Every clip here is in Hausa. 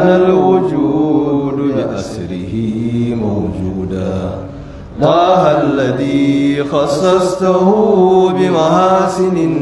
الوجود بأسره موجودا طه الذي خصصته بمحاسن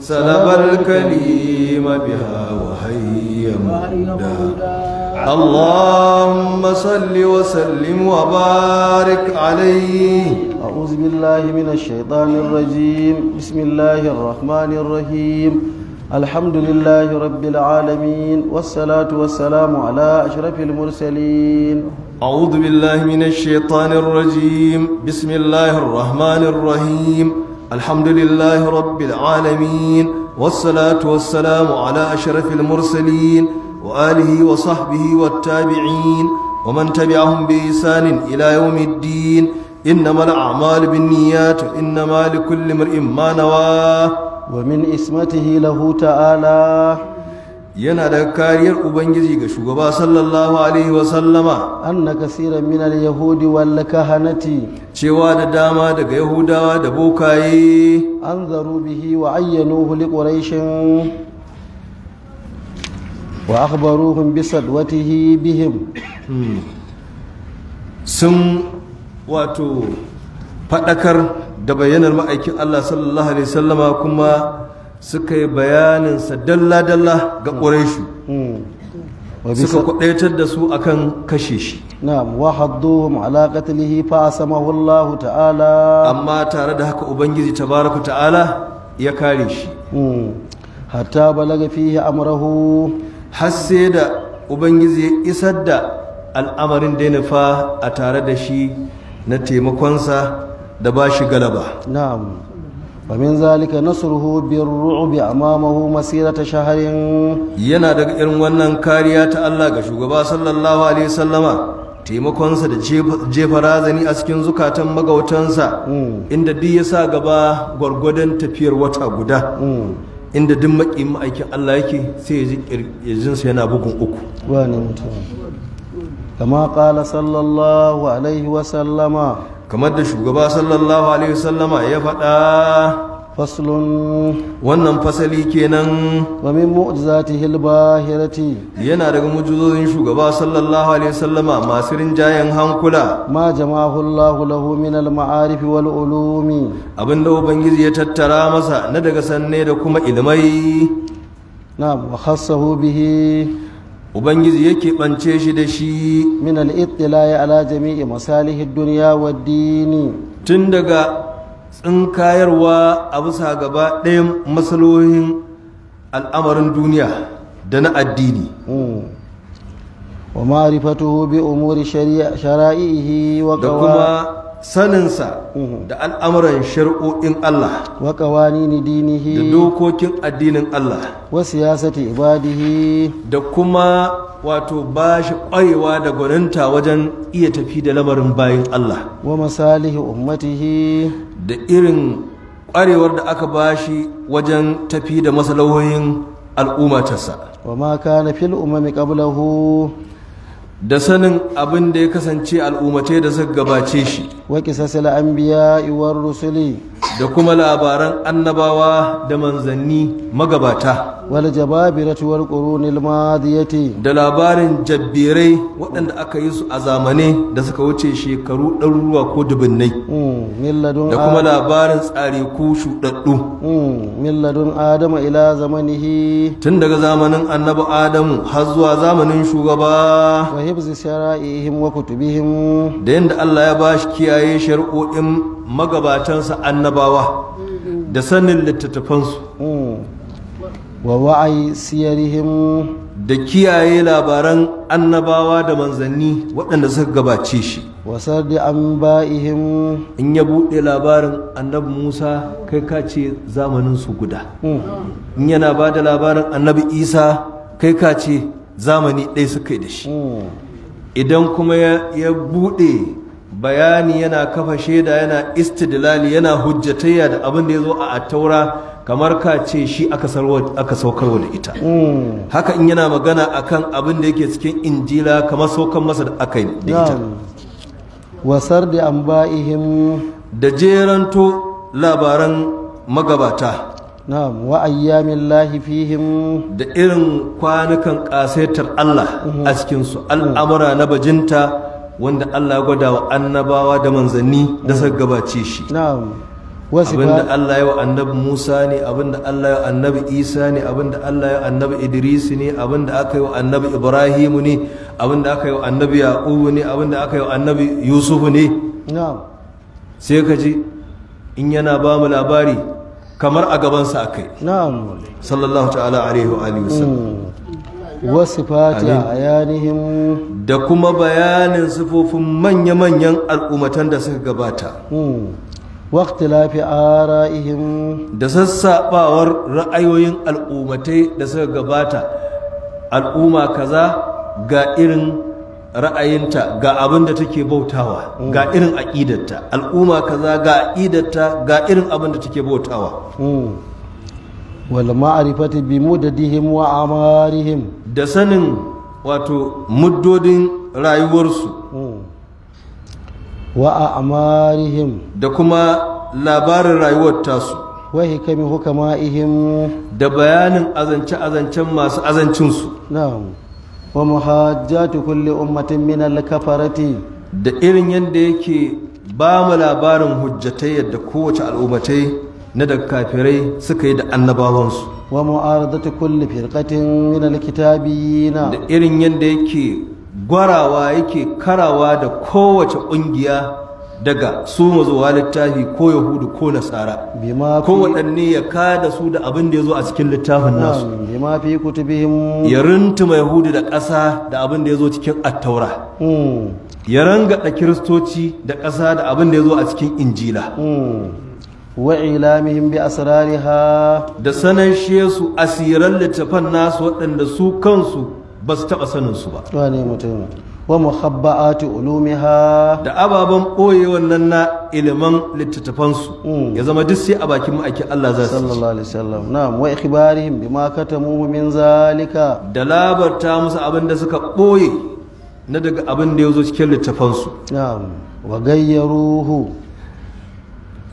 سلب الكليم بها وهي مودا اللهم صل وسلم وبارك عليه أعوذ بالله من الشيطان الرجيم بسم الله الرحمن الرحيم الحمد لله رب العالمين والصلاة والسلام على أشرف المرسلين أعوذ بالله من الشيطان الرجيم بسم الله الرحمن الرحيم الحمد لله رب العالمين والصلاة والسلام على أشرف المرسلين وآله وصحبه والتابعين ومن تبعهم بإحسان إلى يوم الدين إنما الأعمال بالنيات إنما لكل امرئ ما نواه wa min ismatihi lahu ta'ala yana da kariyar ubangiji ga shugaba sallallahu alaihi sallama. anna kasiran min al-yahudi wal kahanati cewa da dama daga yahudawa da bokaye anzaru bihi wa ayyanuhu li quraish wa akhbaruhum bi sadwatihi bihim hmm. sun wato fadakar da bayyanar ma'aikin Allah sallallahu alaihi wasallama kuma suka yi bayaninsa dalla-dalla ga ƙuraishu hmm. suka kudaitar da su akan kashe shi na'am wa hadduhum ala fa sama wallahu ta'ala amma tare da haka ubangiji tabaraku ta'ala ya kare shi hmm. hatta balaga fihi amrahu har sai da ubangiji ya isar da al'amarin da ya nufa a tare da shi na taimakonsa da ba shi galaba na'am wa min zalika nasruhu birru'bi amamahu masirata shaharin yana daga irin wannan kariya ta Allah ga shugaba sallallahu alaihi wasallama taimakonsa da jefa razani a cikin zukatan magautansa mm. inda duk ya sa gaba gwargwadon tafiyar wata guda mm. inda duk makin ma'aikin Allah yake sai ya ji sa yana bugun uku wani mutum kama ƙala sallallahu alaihi wasallama kamar da shugaba sallallahu alaihi wasallama ya faɗa فصل wannan fasali kenan wa min mu'jizatihi al-bahirati yana daga mu'jizozin shugaba sallallahu alaihi wasallama masu rinjayen hankula ma jama'ahu Allahu! lahu min al-ma'arif wal ulumi abinda ubangiji ya tattara masa na daga sanne da kuma ilmai na wa khassahu bihi ubangiji yake bance shi da shi min al-ittila'i ala jami'i masalihid dunya wad dini tun daga tsinkayarwa a bisa gaba ɗayan masalohin al'amarin duniya da na addini hmm. wa ma'rifatuhu bi umuri shara'ihi wa kuma saninsa da al'amuran shari'o'in Allah wa qawanini dinihi da dokokin addinin Allah wa siyasati ibadihi da kuma wato ba shi ƙwarewa da gwaninta wajen iya tafi da lamarin bayin Allah wa masalihi ummatihi da irin ƙwarewar da aka ba shi wajen tafi da masalahohin al'ummatarsa wa ma kana fil umami qablahu da sanin abin da ya kasance al'ummatai da suka gabace shi wa qisasal anbiya war rusuli da kuma labaran annabawa da manzanni magabata wal jababiratu wal qurunil madiyati da labarin jabbirai waɗanda aka yi su a zamane da suka wuce shekaru ɗaruruwa ko dubunnai hmm, da kuma labarin tsare ku shuɗaɗɗu hmm, milladun adama ila zamanihi tun daga zamanin annabi adamu har zuwa zamanin shugaba hifzi shara'ihim wa kutubihim da yanda Allah ya bashi kiyaye shari'o'in magabatansa annabawa da sanin littattafansu mm. wa wa'ai siyarihim da kiyaye labaran annabawa da manzanni waɗanda suka gabace shi wasar da an ba'ihim in ya buɗe labarin annabi musa kai ka ce zamanin su guda mm. in yana ba da labarin annabi isa kai ka ce zamani ɗaya suka yi da shi mm. idan kuma ya buɗe bayani yana kafa shaida yana istidlali yana hujjatayya da abin da ya zo a attaura kamar ka ce shi aka saukarwa da ita hmm. haka in yana magana a kan abin da yake cikin injila kamar saukan masa da aka yi da ita wasar da an ba'ihim da jeranto labaran magabata na'am wa ayyamin lahi fihim da irin kwanukan kasaitar Allah mhm. a cikin su al'amura na bajinta wanda Allah ya gwada wa annabawa da manzanni da suka mhm. gabace shi abinda Allah ya wa annabi Musa ne abinda Allah ya wa annabi Isa ne abinda Allah ya wa annabi Idris ne abinda aka yi wa annabi Ibrahim ne abinda aka yi wa annabi Yaqub ne abinda aka yi wa annabi Yusuf ne sai ka ji in yana ba mu labari kamar a gabansa akai na'am sallallahu ta'ala alaihi wa alihi wasallam mm. wa sifati ayanihim da kuma bayanin sifofin manya-manyan al'ummatan da suka gabata mm. waktilafi ara'ihim da sassaɓawar ra'ayoyin al'ummatai da suka gabata al'umma kaza ga irin ra'ayinta ga abin da take bautawa ga irin aqidarta al'umma kaza ga aqidarta ga irin abin da take bautawa hmm. wal ma'rifati bi mudadihim wa amarihim da sanin wato muddodin rayuwarsu hmm. wa amarihim da kuma labarin rayuwar tasu wa hikami hukama'ihim da bayanin azance azancen masu azancinsu na'am wa muhajjatu kulli ummatin min al-kafarati da irin yanda yake ba mu labarin hujjatai yadda kowace al'ummatai na da kafirai suka yi da annabawansu wa mu'aradatu kulli firqatin min al-kitabiyina da irin yanda yake gwarawa yake karawa da kowace ƙungiya daga su mazuwa littafi ko yahudu ko nasara ko waɗanne ya kada su da abin da ya zo a cikin littafin nasu ya rintuma yahudu da ƙasa da abin da ya zo cikin attaura hmm. ya da kiristoci da ƙasa da abin da ya zo a cikin injila hmm. wa bi asrariha da sanan su asiran littafan nasu waɗanda su kansu ba su taɓa sanin su ba wa muhabba'atu ulumiha da ababen ɓoye wannan na iliman littattafansu hmm. ya zama duk sai a bakin ma'aikin Allah za su sallallahu alaihi wasallam na'am wa ikhbarihim bima katamu min zalika da labarta musu abin da suka ɓoye na daga abin da ya zo cikin littattafansu. na'am wa gayyaruhu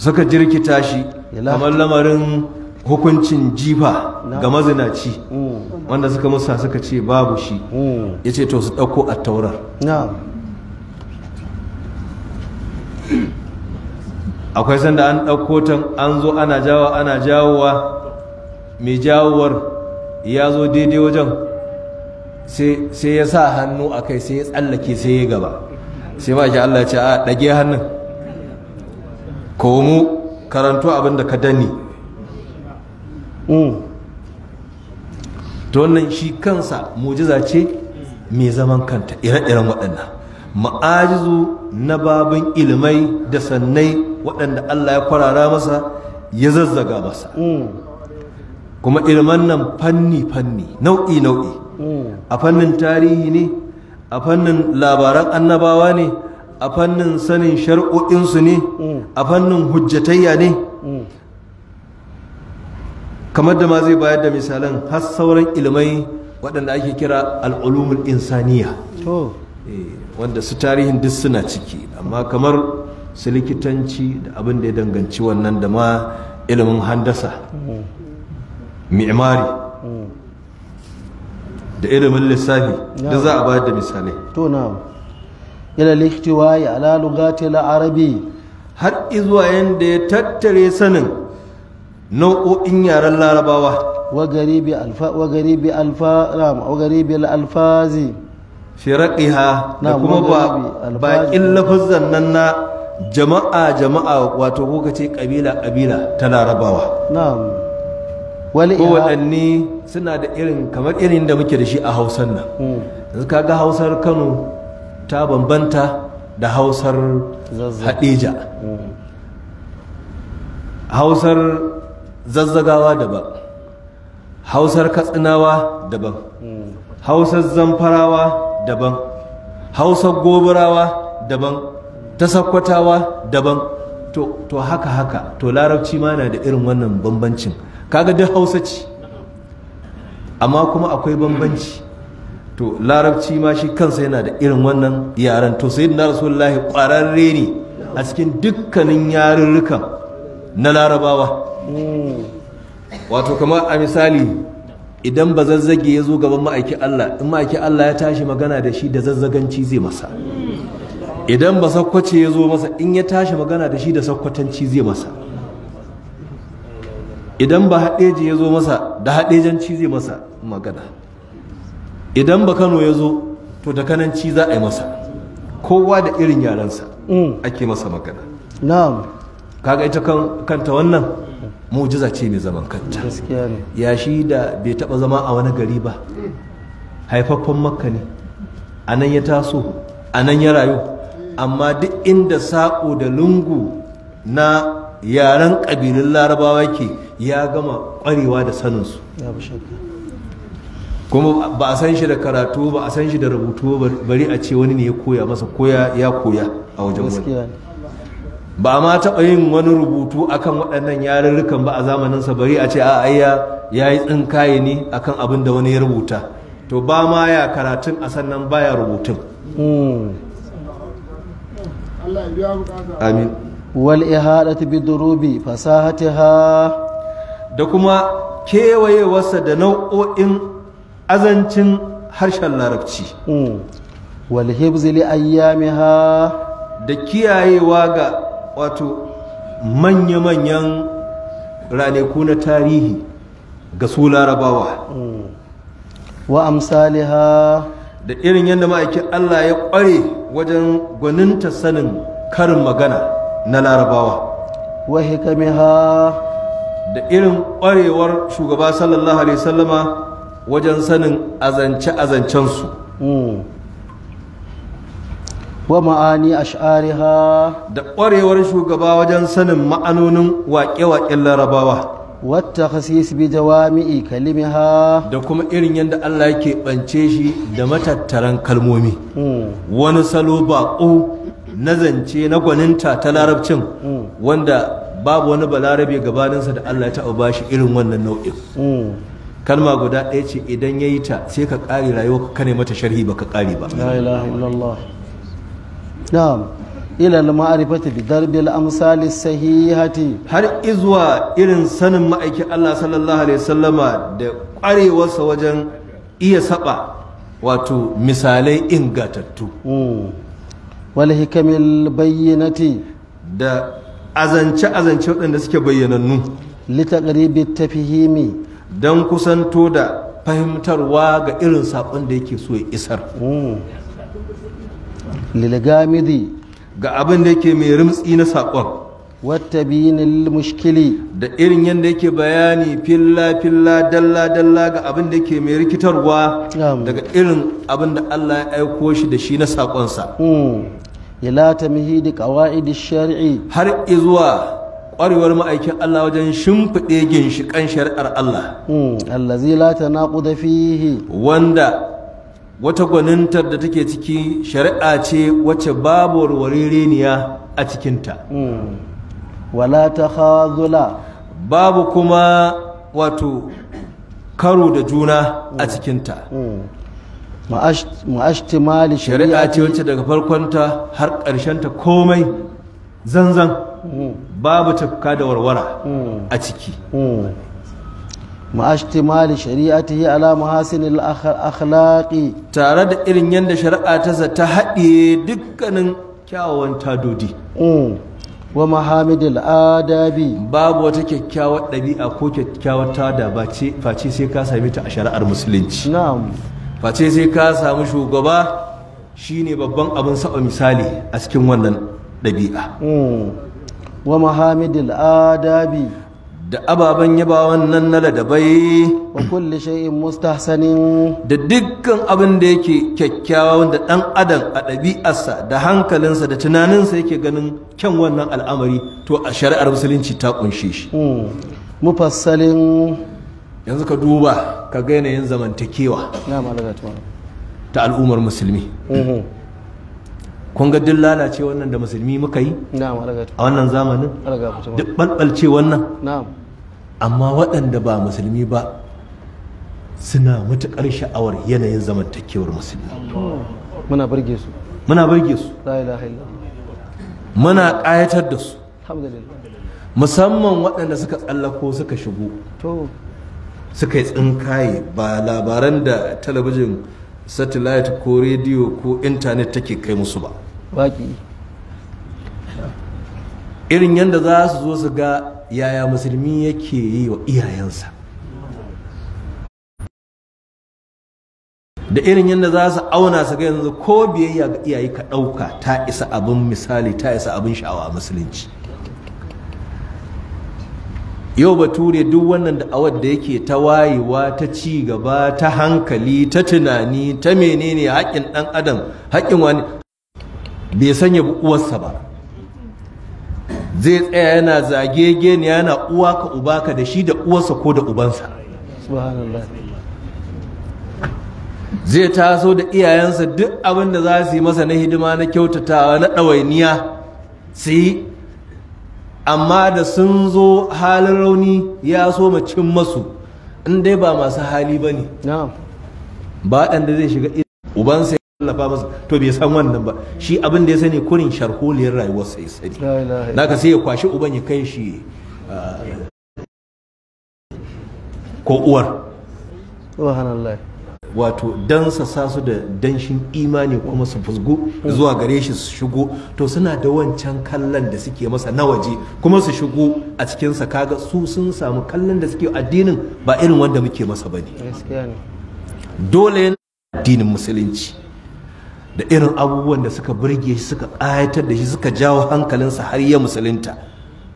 suka jirkita shi kamar lamarin hukuncin jifa ga mazinaci hmm. wanda suka musa suka ce babu shi hmm. ya ce to su ɗauko a taurar akwai sanda an ɗauko ta an zo ana jawo ana jawowa mai jawowar ya zo daidai wajen sai ya sa hannu a kai sai ya tsallake sai ya gaba sai ma shi Allah ce a ɗage hannun komu karantu abinda ka dani hmm. ta wannan shi kansa mujiza ce mai zaman kanta ire-iren waɗannan ma'ajizu na babin ilmai da sannai waɗanda Allah ya kwarara masa ya zazzaga masa mm. kuma ilman nan fanni-fanni nau'i-nau'i mm. a fannin tarihi ne a fannin labaran annabawa ne a fannin sanin shar'o'insu ne mm. a fannin hujjatayya ne kamar da ma zai bayar da misalan har sauran ilmai waɗanda ake kira al'ulumul insaniya eh, wanda su tarihin duk suna ciki amma kamar su likitanci da abin da ya danganci wannan da ma ilimin handasa mi'mari da ilimin lissafi da za a bayar da misalai to na ila lihtiwa ya ala lugati arabi har izuwa yanda ya tattare sanin nau'o'in yaren larabawa وغريب alfazi وغريب الفا نعم وغريب الالفاظ فرقها نعم وغريب باقي لفظن نن جماعه جماعه واتو كوكاce ta larabawa na'am suna da irin kamar irin da muke da shi a Hausar nan hmm. yanzu ga Hausar Kano ta bambanta da Hausar Hadija hmm. Hausar zazzagawa daban hausar katsinawa daban hausar zamfarawa daban hausar goburawa daban ta sakkwatawa daban to haka haka to larabci ma na da irin wannan bambancin kaga duk hausa ce amma kuma akwai bambanci to larabci ma shi kansa yana da irin wannan yaren to sai na rasulullahi kwararre ne a cikin dukkanin yarurrukan na larabawa wato kamar a misali idan ba zazzage ya zo gaban ma'aiki Allah in ma'aiki Allah ya tashi magana da shi da zazzaganci zai masa idan ba sakwace ya zo masa in ya tashi magana da shi da sakwatanci zai masa idan ba haɗeji ya zo masa da haɗejanci zai masa magana idan ba kano ya zo to da kananci za a yi masa kowa da irin yarensa mm. ake masa magana na'am kaga ita kanta wannan mujiza ce mai zaman kanta ya shi da bai taba zama a wani gari ba haifaffen makka ne a nan ya taso a nan ya rayu amma duk inda sako da lungu na yaren ƙabilun larabawa ke ya gama ƙwarewa da saninsu kuma ba a san shi da karatu ba a san shi da rubutu bari a ce wani ne ya koya masa koya ya koya a wajen wani ba ma taɓa yin wani rubutu akan waɗannan yarurrukan ba a zamaninsa bari a ce a ayya ya yi tsinkaye ne akan abin da wani ya rubuta to ba ma ya karatun a sannan ba ya rubutun amin wal ihadatu bi durubi fasahatiha da kuma kewayewarsa da nau'o'in azancin harshen larabci hmm. wal hibzi li ayyamiha da kiyayewa ga wato manya-manyan ranaku na tarihi ga su larabawa wa amsaliha da irin yadda ma'aikin Allah ya ƙware wajen gwaninta sanin karin magana na larabawa wa hikamiha da irin ƙwarewar shugaba sallallahu alaihi sallama wajen sanin azance-azancensu mm. wa ma'ani ash'ariha da ƙwarewar shugaba wajen sanin ma'anonin waƙe-waƙen larabawa wata khasis bi jawami'i kalimiha da kuma irin yadda Allah yake ɓance shi da matattaran kalmomi hmm. wani salo baƙo na zance na gwaninta ta larabcin hmm. wanda babu wani balarabe gabaninsa da Allah ya taɓa bashi irin wannan nau'in hmm. kalma guda ɗaya ce idan ya yi ta sai ka ƙari rayuwa ka ne mata sharhi ba ka ƙari ba na'am ila al-ma'rifati bi darbi al-amsal sahihati har izuwa irin sanin ma'aikin Allah sallallahu alaihi wasallama da kwarewarsa wajen iya saɓa, wato misalai ingatattu wal hikamil bayyinati da azance azance waɗanda suke bayyanannu li taqribi tafhimi dan kusanto da fahimtarwa ga irin saƙon da yake so ya isar lilgamidi ga abin da yake mai rimtsi na saƙon wata binin mushkili da irin yadda yake bayani filla filla dalla dalla ga abin da yake mai rikitarwa daga irin abin da Allah ya aiko shi da shi na sakonsa hmm. ila tamhidi qawaid shari'i har izuwa ƙwarewar ma'aikin Allah wajen shimfiɗe ginshiƙan shari'ar Allah hmm. zai la tanaquda fihi wanda wata gwanintar da take ciki shari'a ce wacce babu warwareniya a cikinta wala ta khazula babu kuma wato karo da juna a mm. cikinta mm. ma'ashtimali shari'a ce wacce daga farkonta har ta komai zanzan mm. babu tafka da warwara a ciki مع اشتمال شريعته alama محاسن akhlaqi. tare da irin yadda shari'a ta ta haɗe dukkanin kyawawan tadodi mm. wa mahamidil adabi babu wata kyakkyawar ɗabi'a ko kyakkyawar tada face sai ka same ta a shari'ar musulunci face sai ka sami shugaba shine babban abin saba misali a cikin wannan ɗabi'a mm. wa mahamidil adabi da ababen yaba wannan na ladabai wa kulli shay'in mustahsanin da dukkan abin da yake kyakkyawa da dan adam a ɗabi'arsa da hankalinsa da tunaninsa yake ganin kyan wannan al'amari to a shari'ar musulunci ta kunshe shi hmm. mufassalin yanzu ka duba ka ga yanayin zamantakewa ta al'ummar musulmi hmm. kun ga duk lalace wannan da musulmi muka yi a wannan zamanin duk balbalce wannan amma waɗanda ba musulmi ba suna matuƙar sha'awar yanayin zamantakewar musulmi muna burge su muna burge su muna ƙayatar da su musamman waɗanda suka tsallako suka shigo suka yi tsinkaye ba labaran da talabijin satellite ko rediyo ko intanet take kai musu ba waƙi irin yadda za su zo su ga yaya musulmi yake yi wa iyayensa da irin yadda za su auna su ga yanzu ko biyayya ga iyaye ka ɗauka ta isa abin misali ta isa abin sha'awa a musulunci yau bature duk wannan da'awar da yake ta wayewa ta ci gaba ta hankali ta tunani ta menene haƙƙin ɗan adam haƙƙin wani bai sanya uwarsa ba zai tsaya yana zage yana uwa ka uba ka da shi da uwarsa ko da ubansa zai taso da iyayensa duk abin da za su yi masa na hidima na kyautatawa na ɗawainiya su yi amma da sun zo halin rauni ya so cin masu in dai ba masu hali ba ne ba ɗan zai shiga ubansa tallafa masa to bai san wannan ba shi abin da ya sani kurin sharholiyar rayuwarsa ya sani naka sai ya kwashi uban ya kai shi uh, ko uwar wato dan sa su da danshin imani kuma su fusgu zuwa gare shi su shigo to suna da wancan kallon da suke masa na waje kuma su shigo a cikin sa kaga su sun samu kallon da suke addinin ba irin wanda muke masa bane dole addinin musulunci da irin abubuwan da suka burge shi suka ƙayatar da shi suka jawo hankalinsa har ya musulunta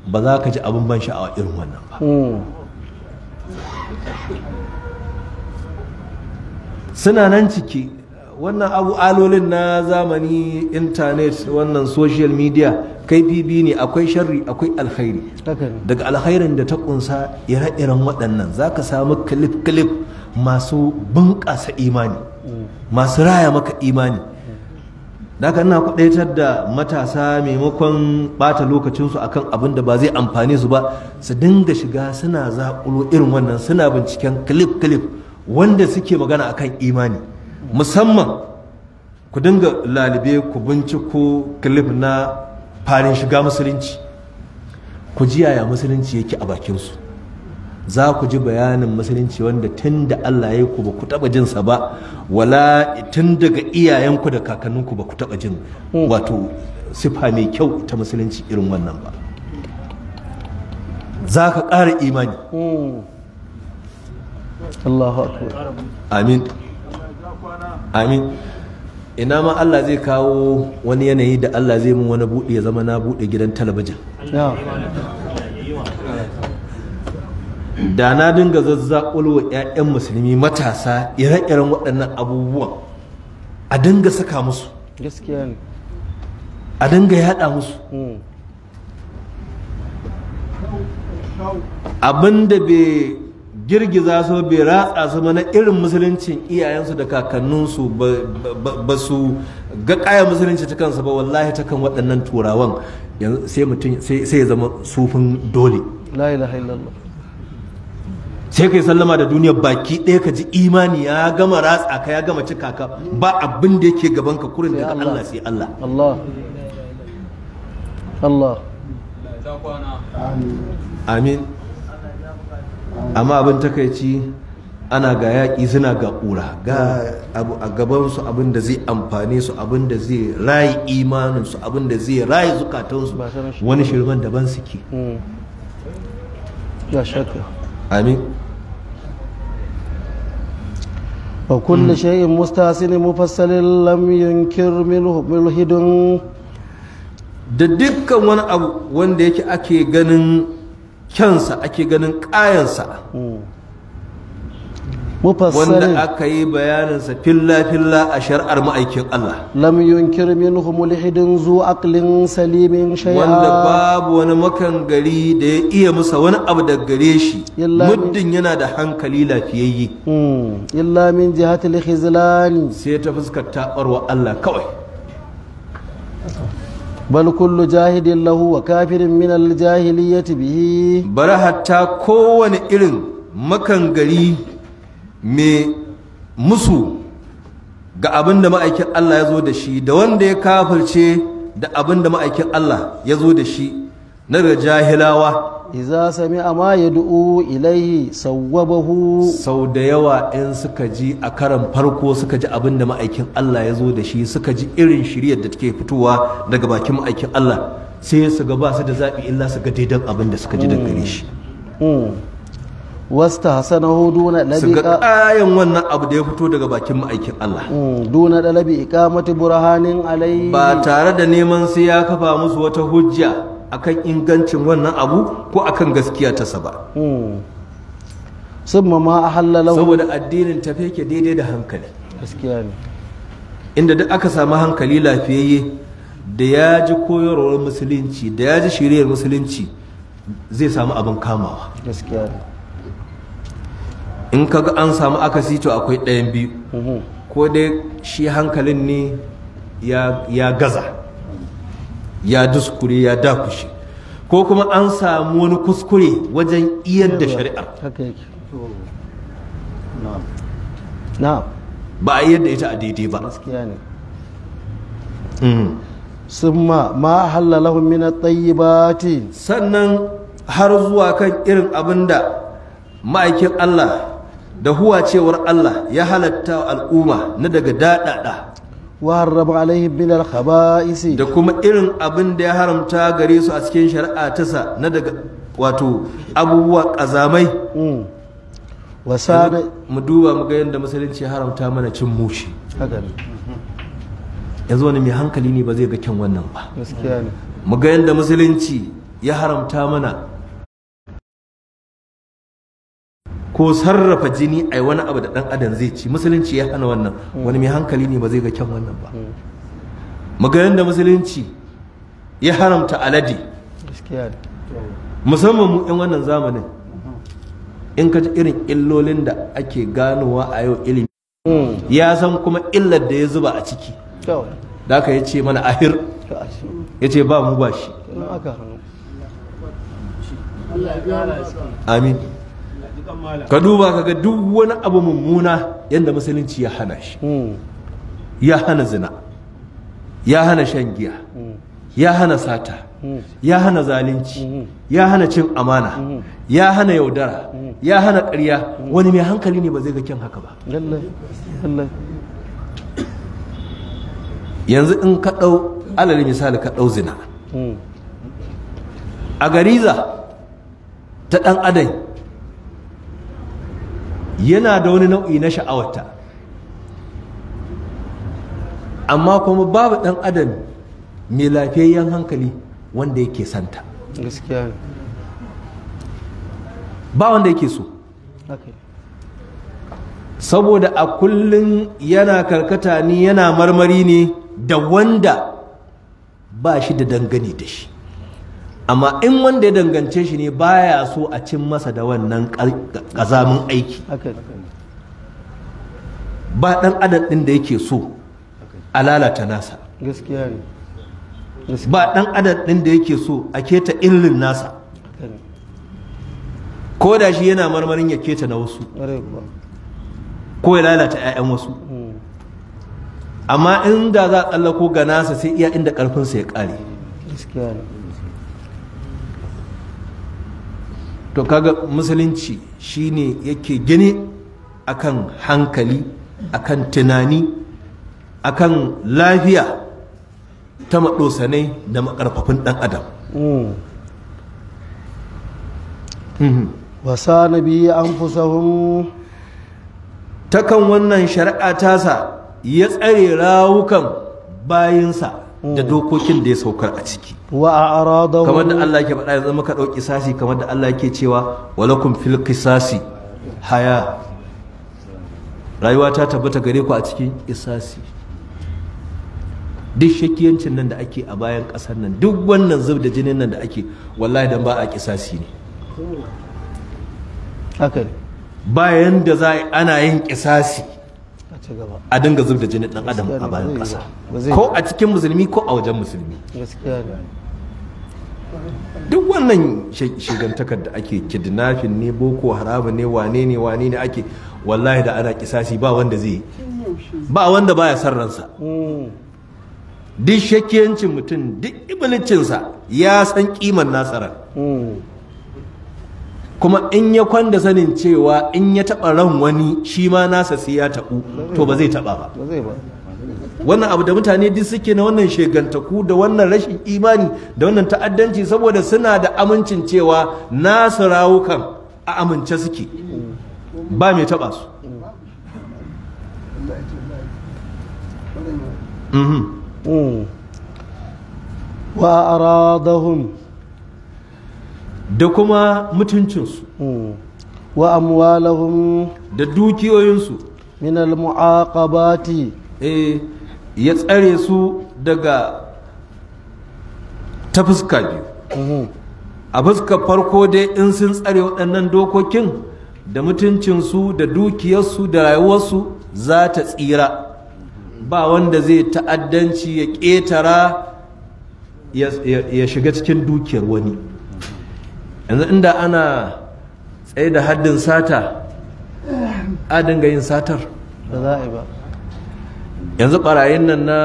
ba za ka ji abin ban sha'awa irin wannan ba hmm. suna nan ciki wannan abu alolin na zamani intanet wannan social media kai bibi ne akwai sharri akwai alkhairi daga alkhairin da ta kunsa ire-iren waɗannan za ka samu kilif-kilif masu bunƙasa imani hmm. masu raya maka imani haka ina kudaitar da matasa maimakon bata lokacinsu akan abin da ba zai amfane su ba su dinga shiga suna zaƙulo irin wannan suna binciken clip clip wanda suke magana akan imani musamman ku dinga lalibe ku binciko clip na farin shiga musulunci ku ji yaya musulunci yake a bakinsu za ku ji bayanin musulunci wanda tun da Allah ya ku ba ku taba jinsa ba wala tun daga iyayenku da kakanninku ba ku taba jin wato sifa mai kyau ta musulunci irin wannan ba za ka ƙara imani amin amin ina ma Allah zai kawo wani yanayi da Allah zai mun wani buɗe ya zama na buɗe gidan talabijin da na dinga zazzaɓul wa ƴaƴan musulmi matasa ire-iren waɗannan abubuwan a dinga saka musu gaskiya ne a dinga yaɗa musu hmm. abinda bai girgiza su bai ratsa su mana irin musuluncin iyayensu da kakanninsu ba su ga ƙaya musulunci ta kansu ba wallahi ta kan waɗannan turawan sai mutum sai ya zama sufin dole la ilaha illallah sai kai sallama da duniyar baki ɗaya ka ji imani ya gama ratsa ka ya gama cika ka ba abin da yake gaban ka kurin daga Allah sai Allah Allah Allah amin amma abin takaici ana ga yaƙi suna ga ƙura ga abu a su abin da zai amfane su abin da zai rayu imanin su abin da zai rayi su wani shirman daban suke hmm. amin وكل شيء مستحسن مفصل لم ينكر kirmin ملحد da dukkan wani abu wanda yake ake ganin kyansa ake ganin kayansa. Hmm. wanda aka yi bayaninsa filla-filla a shari'ar ma'aikin Allah lam yunkir minhu mulhidin zu aqlin salimin shay'a wanda babu wani makan gari da ya iya musa wani abu da gare shi muddin yana da hankali lafiyayye hmm. illa min jihati al sai ta fuskar tabarwa Allah kawai bal kullu jahidin lahu wa kafirin min al-jahiliyyati bihi bara hatta kowane irin makan mai musu ga abin da ma'aikin Allah ya zo da shi da wanda ya kafirce da abin da ma'aikin Allah ya zo da shi na ga jahilawa iza sami amma ya du'u ilai sawwabahu sau da yawa in suka ji a karan farko suka ji abin da ma'aikin Allah ya zo da shi suka ji irin shiryar da take fitowa daga bakin ma'aikin Allah sai su ga su da zaɓi illa su ga daidan abin da suka ji daga gare shi mm. Mm. wasta hasanahu duna dalabi ga ayan wannan abu da ya fito daga bakin ma'aikin Allah mm, duna dalabi iqamati burhanin alai ba tare da neman sai ya kafa musu wata hujja akan ingancin wannan abu ko akan gaskiya ta saba mm. summa ma saboda addinin tafe ke daidai da hankali gaskiya ne inda duk aka samu hankali lafiyayye da ya ji koyarwar musulunci da ya ji shiriyar musulunci zai samu abin kamawa gaskiya ne in kaga an samu akasi to akwai ɗayan biyu mhm. ko dai shi hankalin ne ya gaza ya duskure ya dakushe ko kuma an samu wani kuskure wajen iyar da shari'ar ba a yadda ita a daidai ba mm. sun ma halalahu min tsayi tayyibati sannan har zuwa kan irin abinda ma'aikin Allah da huwa cewar Allah ya halatta al'umma na daga daɗaɗa wa harrama alaihim min al-khaba'isi da kuma irin abin da ya haramta gare su a cikin shari'a ta sa na daga wato abubuwa kazamai mm. wasana mu duba mu ga yadda musulunci haramta mana cin mushi haka ne yanzu wani mai hankali ne ba zai ga kyan wannan ba gaskiya ne mu ga yadda musulunci ya haramta mana ko sarrafa jini a wani abu da dan adam zai ci musulunci ya hana wannan wani mai hankali ne ba zai ga kyan wannan ba maganin da musulunci ya haramta alade musamman mu yan wannan zamanin in ka ji irin illolin da ake ganowa a yau ilimi hmm. ya san kuma illar da ya zuba a ciki da aka ya ce mana ahir ya ce ba mu ba shi amin ka duba kaga duk wani abu mummuna yadda musulunci ya hana shi hmm. ya hana zina ya hana shan giya hmm. ya hana sata hmm. ya hana zalunci ya hana cin amana ya hana yaudara ya hana ƙarya wani mai hankali ne ba zai ga kyan haka ba yanzu in ka ɗau alali misali ka ɗau zina a gariza ta ɗan adam yana da wani nau'i na sha'awarta amma kuma babu ɗan adam mai lafiyayyen hankali wanda yake santa ba wanda yake so saboda a kullum yana karkata ni yana marmari ne da wanda ba shi da dangane da shi amma in wanda ya dangance shi ne baya so a cin masa da wannan ƙazamin aiki ba ɗan adam ɗin da yake so a lalata nasa ba ɗan adam ɗin da yake so a keta irin nasa ko da shi yana marmarin ya keta na wasu ko ya lalata 'ya'yan wasu mm. amma inda za a tsallako ga nasa sai iya inda ƙarfinsa ya ƙare to kaga musulunci shine yake gini akan hankali akan tunani akan lafiya ta maɗosanai da makarfafin ɗan adam hmm. mhm. wasa na biyu an fusahun takan wannan shari'a tasa ya tsare rawukan bayinsa da dokokin da ya saukar a ciki wa kamar da Allah ke faɗa zama ka ɗauki sasi kamar da Allah ke cewa walakum fil qisasi haya rayuwa ta tabbata gare ku a cikin qisasi duk shakiyancin nan da ake a bayan ƙasar nan duk wannan zub da jinin nan da ake wallahi dan ba a qisasi ne bayan da za ana yin qisasi a dinga zub da jini dan adam a bayan ƙasa ko a cikin musulmi ko a wajen musulmi duk wannan shigantakar da ake kidnapping ne boko haramu ne wane ne wane ne ake wallahi da ana kisasi ba wanda zai ba wanda baya son ransa hmm. duk shakiyancin mutum duk ibalicinsa ya san kiman nasarar hmm. kuma in ya kwanda sanin cewa in ya taba ran wani shi ma nasa sai ya taɓu to ba zai taɓa ba wannan abu da mutane duk suke na wannan shegantaku da wannan rashin imani da wannan ta'addanci saboda suna da amincin cewa nasu rawukan a amince suke ba mai taɓa su mm-hmm. mm. wa aradahum da kuma mutuncinsu mm. wa amwalahum da dukiyoyinsu min almu'aqabati eh ya tsare su daga ta fuska biyu mm-hmm. a fuska farko dai in sun tsare waɗannan dokokin da mutuncinsu da dukiyarsu da rayuwarsu za ta tsira ba wanda zai ta'addanci ya ƙetara ya shiga cikin dukiyar wani yanzu inda ana tsaye da haddin sata a dinga yin satar da yanzu barayin nan na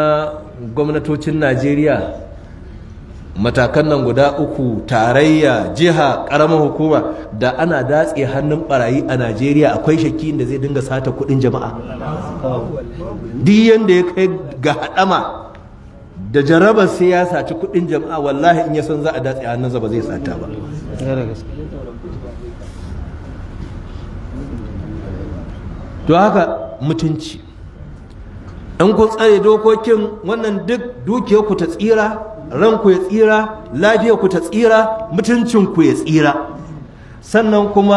gwamnatocin najeriya matakan nan guda uku tarayya jiha karamar hukuma da ana datse hannun barayi a najeriya akwai shakki da zai dinga sata kudin jama'a duk yadda ya kai ga haɗama da jarabar sai ya saci kuɗin jama'a wallahi in ya san za a datse nan ba zai sata ba to haka mutunci in ku tsare dokokin wannan duk dukiyarku ta tsira ranku ya tsira ku ta tsira mutuncinku ya tsira sannan kuma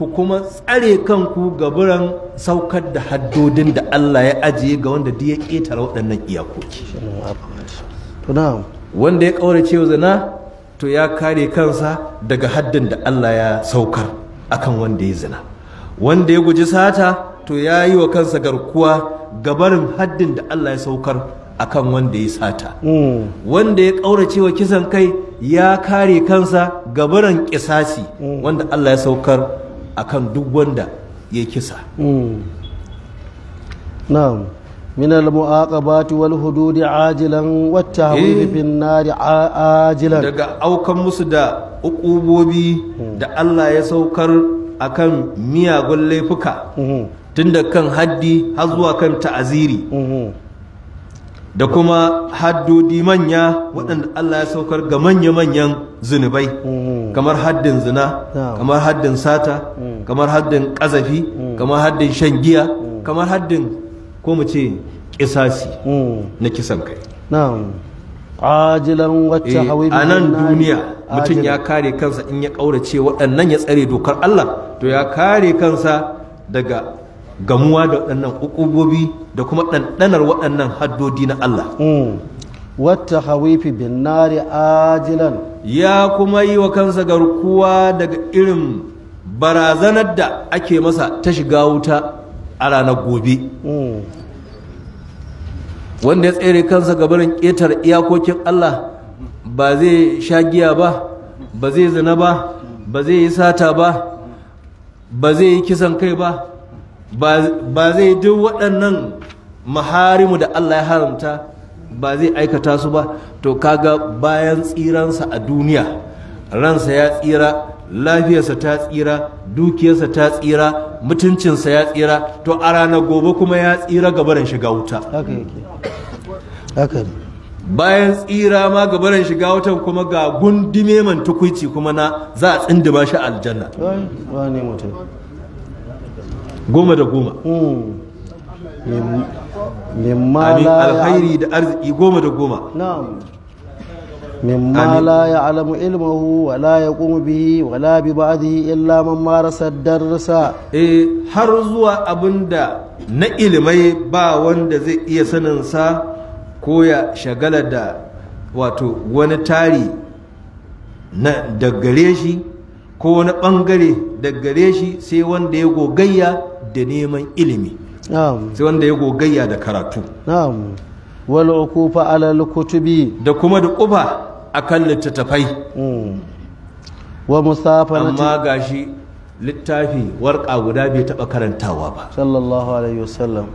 ku kuma tsare kanku gaburan saukar da haddodin da Allah ya ajiye ga wanda duk ya ƙetare waɗannan iyakoki wanda ya ƙaurace wa zina to ya kare kansa daga haddin da Allah ya saukar akan wanda ya zina wanda ya guji sata to ya yi wa kansa garkuwa gabarin haddin da Allah ya saukar akan wanda ya sata mm. wanda ya ƙaurace wa kisan kai ya kare kansa gabarin ƙisasi mm. wanda Allah ya saukar akan duk wanda ya kisa hmm. na'am min al-mu'aqabati wal hududi ajilan wa tahwifi eh. bin nar ajilan daga aukan musu da ukubobi hmm. da Allah ya saukar akan miyagun laifuka hmm. tunda kan haddi har zuwa kan ta'aziri da kuma haddodi manya waɗanda Allah ya saukar ga manya-manyan zunubai mm. kamar haddin zina kamar haddin sata mm. kamar haddin ƙazafi mm. kamar haddin shan giya kamar haddin ko mu ce ƙisasi. na kisan kai ajilan wacce eh, hawi a nan duniya mutum ya kare kansa in ya ƙaurace waɗannan ya tsare dokar Allah to ya kare kansa daga gamuwa da waɗannan ukubobi da kuma ɗanɗanar waɗannan haddodi na Allah mm. wata hawifi bin nari ajilan ya kuma yi wa kansa garkuwa daga irin barazanar da ake masa ta shiga wuta a ranar gobe mm. wanda ya tsere kansa gabarin ƙetar iyakokin Allah ba zai sha giya ba ba zai zina ba ba zai yi sata ba ba zai yi kisan kai ba ba zai duk waɗannan maharimu da Allah ya haramta ba zai aikata su ba to kaga bayan tsiransa a duniya ransa ya tsira lafiyarsa ta tsira dukiyarsa ta tsira mutuncinsa ya tsira to a rana gobe kuma ya tsira gabarin shiga wuta bayan tsira ma gabarin shiga wutan kuma ga gundume man tukuici kuma na za a tsindima shi aljanna goma da goma hmm. amin alkhairi da arziki goma da goma مما لا يعلم علمه illa eh, har zuwa abinda na ilimai ba wanda zai iya sanin sa ko ya shagala da wato wani tari na daggare shi ko wani bangare daga gare shi sai wanda ya gogayya da neman ilimi sai wanda ya gogayya da karatu wal ukufa ala kutubi da kuma da kufa akan littattafai mm. wa musafanati amma gashi littafi warƙa guda bai taɓa karantawa ba sallallahu alaihi wasallam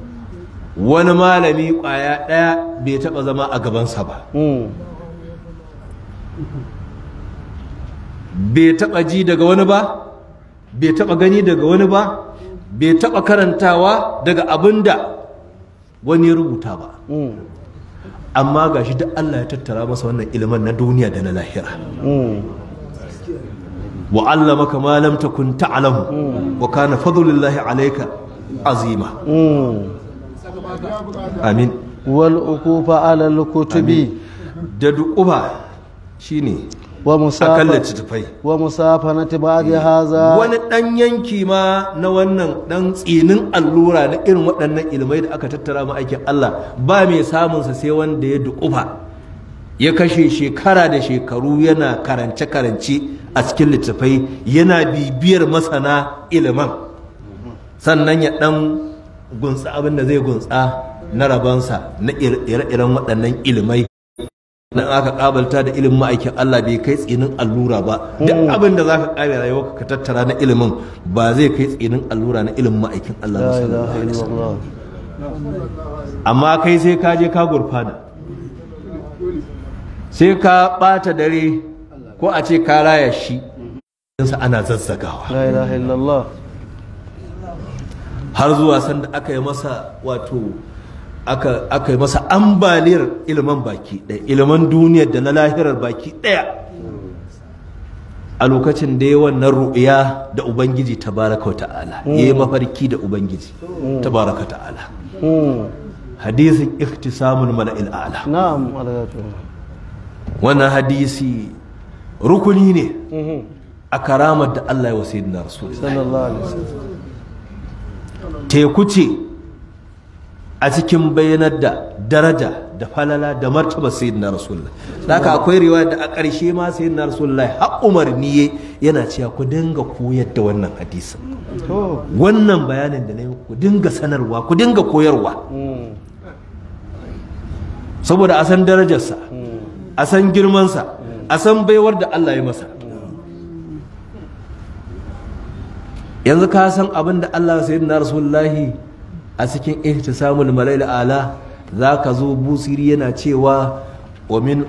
wani malami ƙwaya ɗaya bai taɓa zama a gabansa ba mm. bai taba ji daga wani ba bai taba gani daga wani ba bai taba karantawa daga abin da wani rubuta ba mm. amma ga shi duk Allah ya tattara masa wannan ilimin na duniya da na lahira mm. wa maka ma lam takun ta'lamu mm. wa kana fadlullahi alayka azima amin wal ukufa ala al-kutubi da uba shine wa musafanati ba da hmm. haza wani dan yanki ma na wannan dan tsinin allura na irin waɗannan ilmai da aka tattara ma aikin Allah ba mai samun sa sai wanda ya dukufa ya kashe shekara da shekaru yana karance karance a cikin littafai yana bibiyar masana iliman sannan ya dan gunsa abin da zai gunsa na rabansa na ire-iren waɗannan ilimai nan aka kabalta da ilimin ma'aikin Allah bai kai tsinin allura ba duk hmm. abin da zaka kare rayuwarka ka tattara na ilimin ba zai kai tsinin allura na ilimin ma'aikin Allah amma kai sai ka je ka gurfana sai ka bata dare ko a ce ka raya shi sa ana zazzagawa la ilaha illallah har zuwa sanda aka yi masa wato aka aka yi masa ambaliyar ilimin baki ɗaya ilimin duniyar da na lahirar baki ɗaya a lokacin da ya wannan ru'ya da ubangiji tabaraka wa ta'ala yi hmm. mafarki da ubangiji hmm. tabaraka wa ta'ala hmm. hadisin ikhtisamul mala'il a'la il'ala. wannan hadisi rukuni ne a karamar da Allah ya wa sayyidina rasulullah sallallahu teku ce a cikin bayanar da daraja da falala da martaba sayyidina rasulullah haka akwai riwaya da a ƙarshe ma sayyidina rasulullah har umarni yana cewa ku dinga koyar da wannan hadisin wannan bayanin da yi ku dinga sanarwa ku dinga koyarwa saboda a san darajarsa a san girmansa a san baiwar da Allah ya masa yanzu ka san abin da Allah sayyidina rasulullahi a cikin ihtisamul malail ala zaka zo busiri yana cewa wa min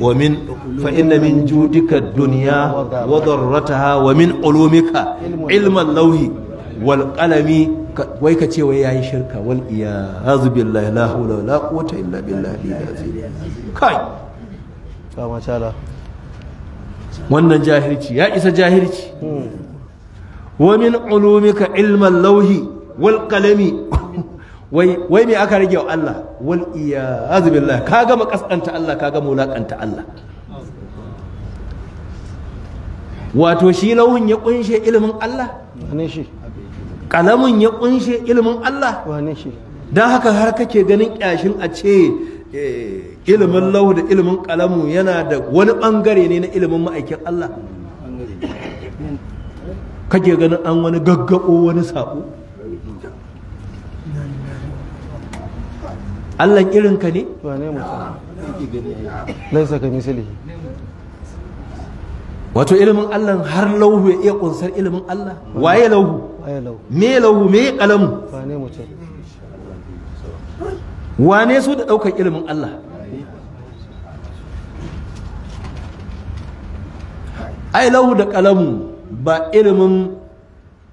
wa min fa inna min judika dunya wa darrataha wa min ulumika ilman lauhi wal qalami wai ka ce wai yayi shirka wal iyazu billahi la hawla wala quwwata illa billahi azim kai kama tala wannan jahilci ya isa jahilci hmm. wa min ulumika ilman lauhi wal qalami wai me aka rage wa Allah wal iya, billah ka gama kaskanta Allah ka gama wulakanta Allah wato shi lauhin ya kunshe ilimin Allah wane shi kalamin ya kunshe ilimin Allah wane shi dan haka har kake ganin kyashin a ce eh, ilimin lauhu da ilimin kalamu yana da wani bangare ne na ilimin ma'aikin Allah kake ganin an wani gaggabo wani sako allan irinka ne laisa ka misali wato ilimin allah har lauhu ya iya kunsar ilimin allah waye lauhu me lauhu me kalamu wane su da ɗaukar ilimin allah ai lauhu da kalamu ba ilimin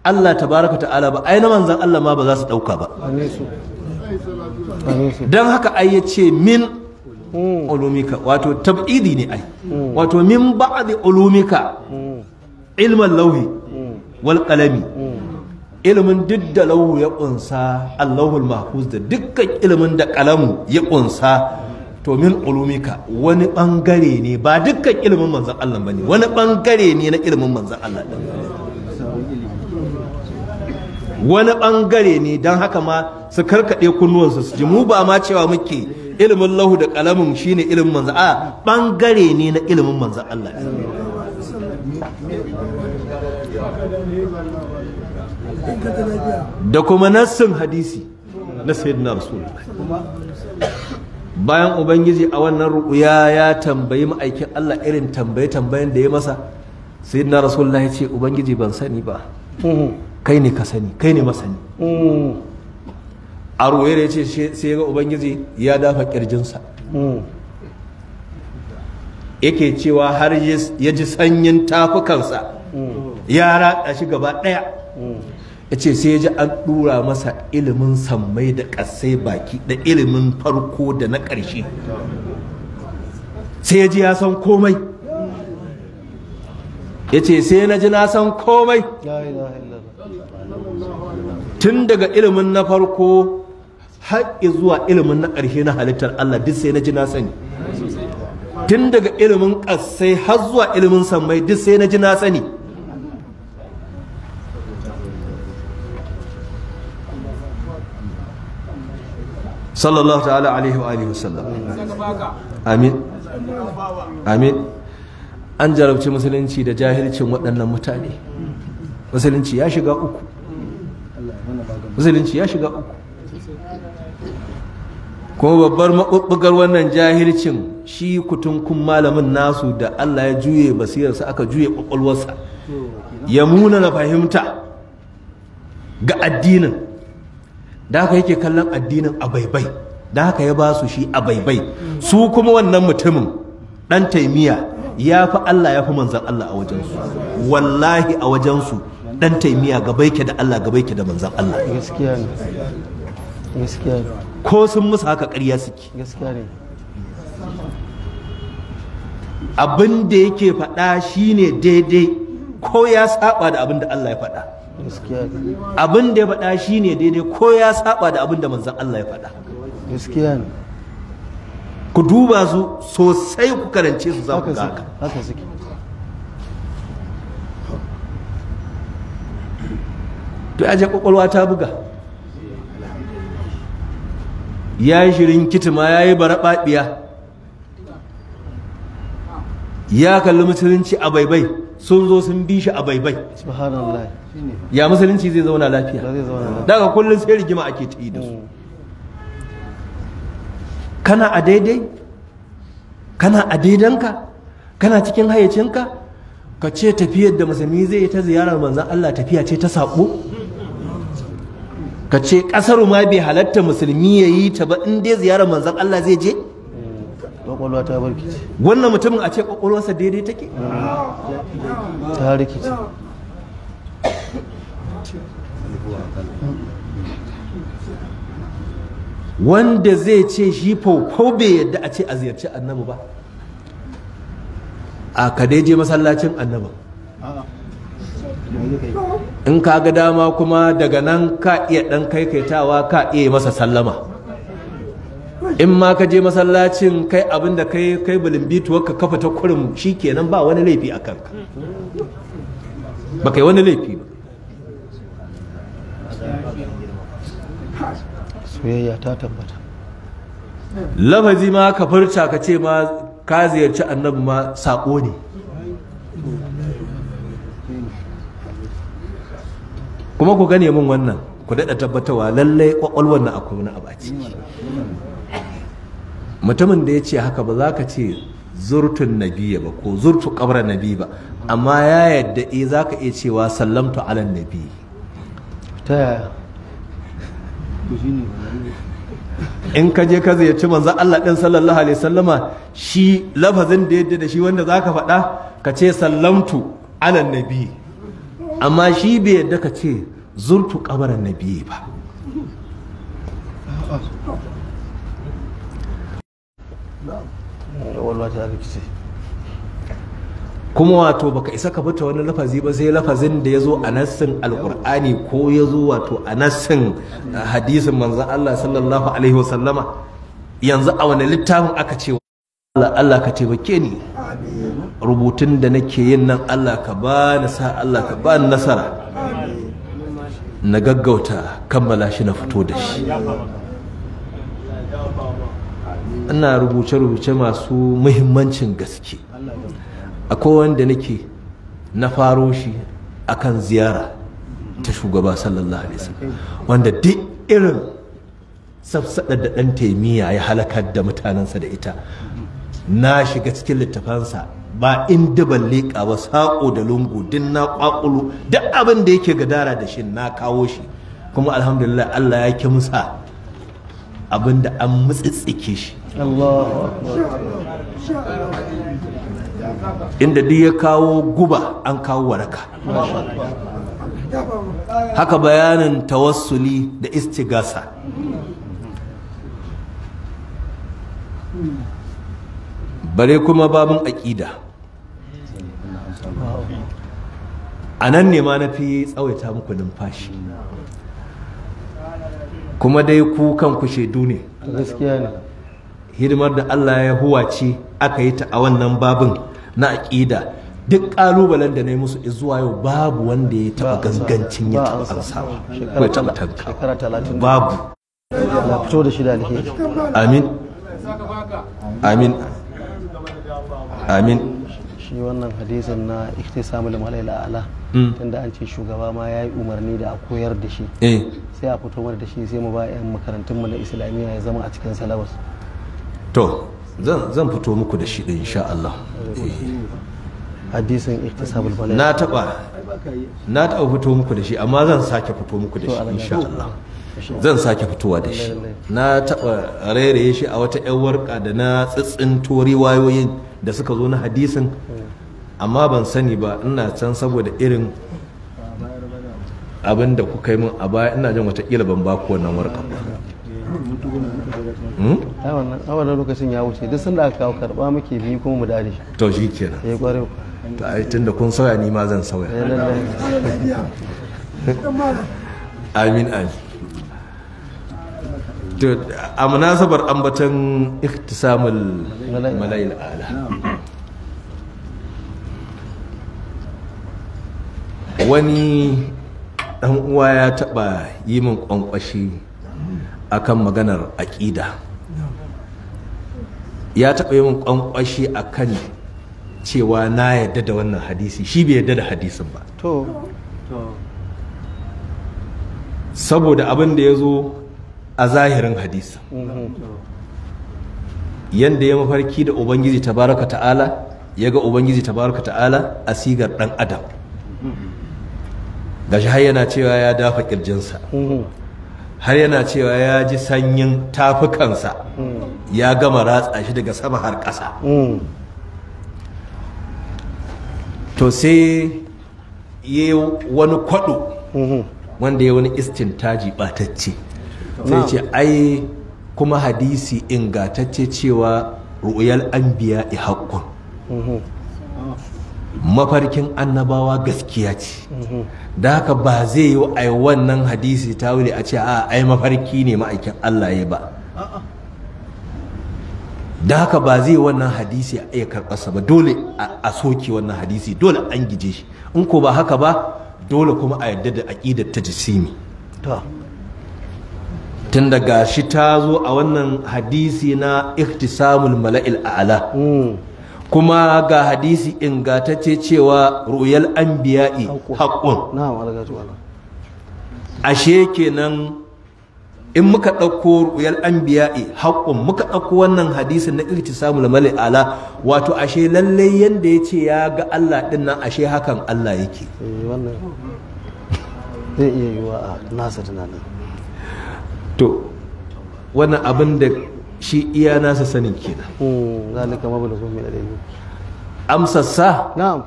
allah baraka ta'ala ba ai na manzan allah ma ba za su ɗauka ba don haka ai ya ce min hmm. ulumika wato tab'idi ne ai hmm. wato min ba'adi ulumika ilmin lauhi hmm. wal kalami ilimin duk da lauhu ya kunsa allahul mahfuz da dukkan ilimin da kalamu ya kunsa to min ulumika wani bangare ne ba dukkan ilimin manzan Allah ba ne wani bangare ne na ilimin manzan Allah wani bangare ne don haka ma su karkaɗe kunnuwansu su ji mu ba ma cewa muke ilimin lahu da kalamin shine ilimin manzo a bangare ne na ilimin manzo Allah da kuma nassin hadisi na sayyidina rasulullah bayan ubangiji a wannan ru'uya ya tambayi ma'aikin Allah irin tambaye tambayen da ya masa sayyidina rasulullah ya ce ubangiji ban sani ba mm-hmm. kai ne ka sani kai ne masani mm-hmm. a da ya ce sai ga ubangiji ya dafa kirjinsa hmm. yake cewa har ya ji sanyin tafukansa hmm. ya rada shi gaba ɗaya hmm. ya ce sai ya ji an dura masa ilimin sammai da ƙasai baki da ilimin farko da na ƙarshe sai ya ji ya san komai ya ce sai na ji na san komai tun daga ilimin na farko har zuwa ilimin na ƙarshe na halittar Allah duk sai na ji na sani tun daga ilimin ƙasai har zuwa ilimin sammai duk sai na ji na sani sallallahu ta'ala alaihi wa alihi wasallam amin amin an jarabci musulunci da jahilcin waɗannan mutane musulunci ya shiga uku musulunci ya shiga uku kuma babbar maɓuɓɓugar wannan jahilcin shi kutunkun malamin nasu da Allah ya juye basirarsa aka juye ƙwaƙwalwarsa ya muna na fahimta ga addinin da haka yake kallon addinin a baibai da haka ya ba su shi a baibai su kuma wannan mutumin ɗan taimiya ya fi Allah ya fi manzan Allah a wajensu wallahi a wajensu ɗan taimiya gabaike da Allah gabaike da manzan Allah gaskiya ne gaskiya ne ko sun musu haka ƙarya suke abin da yake faɗa shine daidai ko ya saba da abin da Allah ya faɗa abin da ya faɗa shine daidai ko ya saba da abin da manzan Allah ya faɗa ku duba su sosai ku karance su za ku haka to aje kwakwalwa ta buga ya yi shirin kitima ya yi baraɓaɓiya ya kalli musulunci a baibai sun zo sun bi shi a baibai ya musulunci zai zauna lafiya daga kullum sai rigima ake ta yi da su kana a daidai kana a daidanka kana cikin hayyacinka ka ce tafiyar da musulmi zai yi ta ziyarar manzan Allah tafiya ce ta saƙo ka ce ƙasar ma bai halatta musulmi ya yi ta ba in dai ziyarar manzan Allah zai je kwakwalwa ta ce wannan mutumin a ce kwakwalwarsa daidai take ta ce wanda zai ce shi faufau bai yadda a ce a ziyarci annabi ba a kadai je masallacin annabi in ka ga dama kuma daga nan ka iya ɗan kaikaitawa ka iya masa sallama in ma ka je masallacin kai abin da kai kai bituwar ka kafa ta kurum shi ba wani laifi a kanka ba kai wani laifi ba soyayya ta tabbata lafazi ma ka furta ka ce ma ka ziyarci annabi ma saƙo ne kuma ku gane min wannan ku daɗa tabbatawa lallai ƙwaƙwalwar na akwai wani abu a ciki mutumin da ya ce haka ba za ka ce zurtun nabiya ba ko zurtu ƙabra nabi ba amma ya yadda e za ka iya cewa sallamtu alan nabi in ka je ka ziyarci manzo Allah din sallallahu alaihi sallama shi lafazin da yadda da shi wanda za ka faɗa ka ce sallamtu alan nabi amma shi bai yadda ka ce zurtu kabarin biye ba kuma wato baka isa ka fita wani lafazi ba sai lafazin da ya zo a nassin alkur'ani ko ya zo wato a nassin uh, hadisin manzan Allah sallallahu alaihi wasallama yanzu a wani littafin aka ce Allah ka taimake ni rubutun da nake yin nan Allah ka ba ni sa Allah ka ba ni nasara na gaggauta kammala shi na fito da shi ina rubuce-rubuce masu muhimmancin gaske akwai wanda nake na faro shi akan ziyara ta shugaba sallallahu alaihi wanda duk irin safsaɗa da ɗan taimiyya ya halakar da mutanensa da ita na shiga cikin littafansa ba inda ban leƙa ba saƙo da lungu din na ƙwaƙulu duk abin da yake gadara da shi na kawo shi kuma alhamdulillah Allah ya musa abin da an mutsitsike shi inda duk ya kawo guba an kawo waraka haka bayanin tawassuli da istigasa bare kuma babin aƙida a nan ne ma na fi tsawaita muku numfashi kuma dai ku kanku shaidu ne hidimar da Allah ya huwace aka yi ta a wannan babin na aƙida duk ƙalubalen da na yi musu zuwa yau babu wanda ya taɓa gangancin ya taɓa ansawa ko ya tanka babu amin amin amin shi wannan hadisin na ikhtisamul malai la'ala hmm. tunda an ce shugaba ma ya yi umarni da a koyar da shi eh. sai a fito da shi sai mu ba 'yan makarantun mu na islamiyya ya zama a cikin salawas to zan fito muku da shi da insha Allah hadisin ikhtisabul balagh na taba na taba fito muku da shi amma zan sake fito muku da shi insha Allah zan sake fitowa da shi na taba rairaye shi a wata yan warka da na tsitsin tori wayoyin da suka zo na hadisin amma ban sani ba ina can saboda irin abin da ku kai min a baya ina jin watakila ban ku wannan warka ba hmm? a wannan lokacin ya wuce duk sun da aka kawo karba muke biyu kuma mu dare to shi kenan eh kware ta ai tunda kun sauya ni ma zan sauya eh, amin amin a munasabar ambatan iktisamul malayil ala wani dan uwa ya taba yi min kwankwashi akan maganar aƙida ya taba yi min kwankwashi akan cewa na yadda da wannan hadisi shi bai yadda da hadisin ba saboda abin da ya zo a zahirin hadisi yanda ya mafarki da ubangiji tabaraka ta'ala ya ga ubangiji tabaraka ta'ala a sigar dan adam gashi har yana cewa ya dafa kirjinsa har yana cewa ya ji sanyin tafukansa ya gama ratsa shi daga sama har ƙasa to sai ya wani kwaɗo wanda ya wani taji ɓatacce sai ce ai kuma hadisi ingatacce cewa ru'uyal anbiya haqqun mhm. mafarkin annabawa gaskiya ce mhm. da haka ba zai yi ai wannan hadisi ta wuri a ce a ai mafarki ne ma'aikin Allah ya ba da haka ba zai wannan hadisi a iya karɓarsa ba dole a soke wannan hadisi dole an gije shi in ko ba haka ba dole kuma a yarda da aƙidar ta jisimi tun daga shi ta zo a wannan hadisi na iktisamul mala'il a'la hmm. kuma ga hadisi ingatacce cewa ruyal anbiya'i haqqun ashe kenan in muka ɗauko ruyal anbiya'i haqqun muka ɗauko wannan hadisi na irtisamul mala'il ala wato ashe lalle yanda ya ce ya ga Allah din nan ashe hakan Allah yake eh, zai iya yiwa a nasa tunanin to wannan abin da shi iya nasa sanin kenan hmm. zalika mablaghu min al-ilm amsassa na'am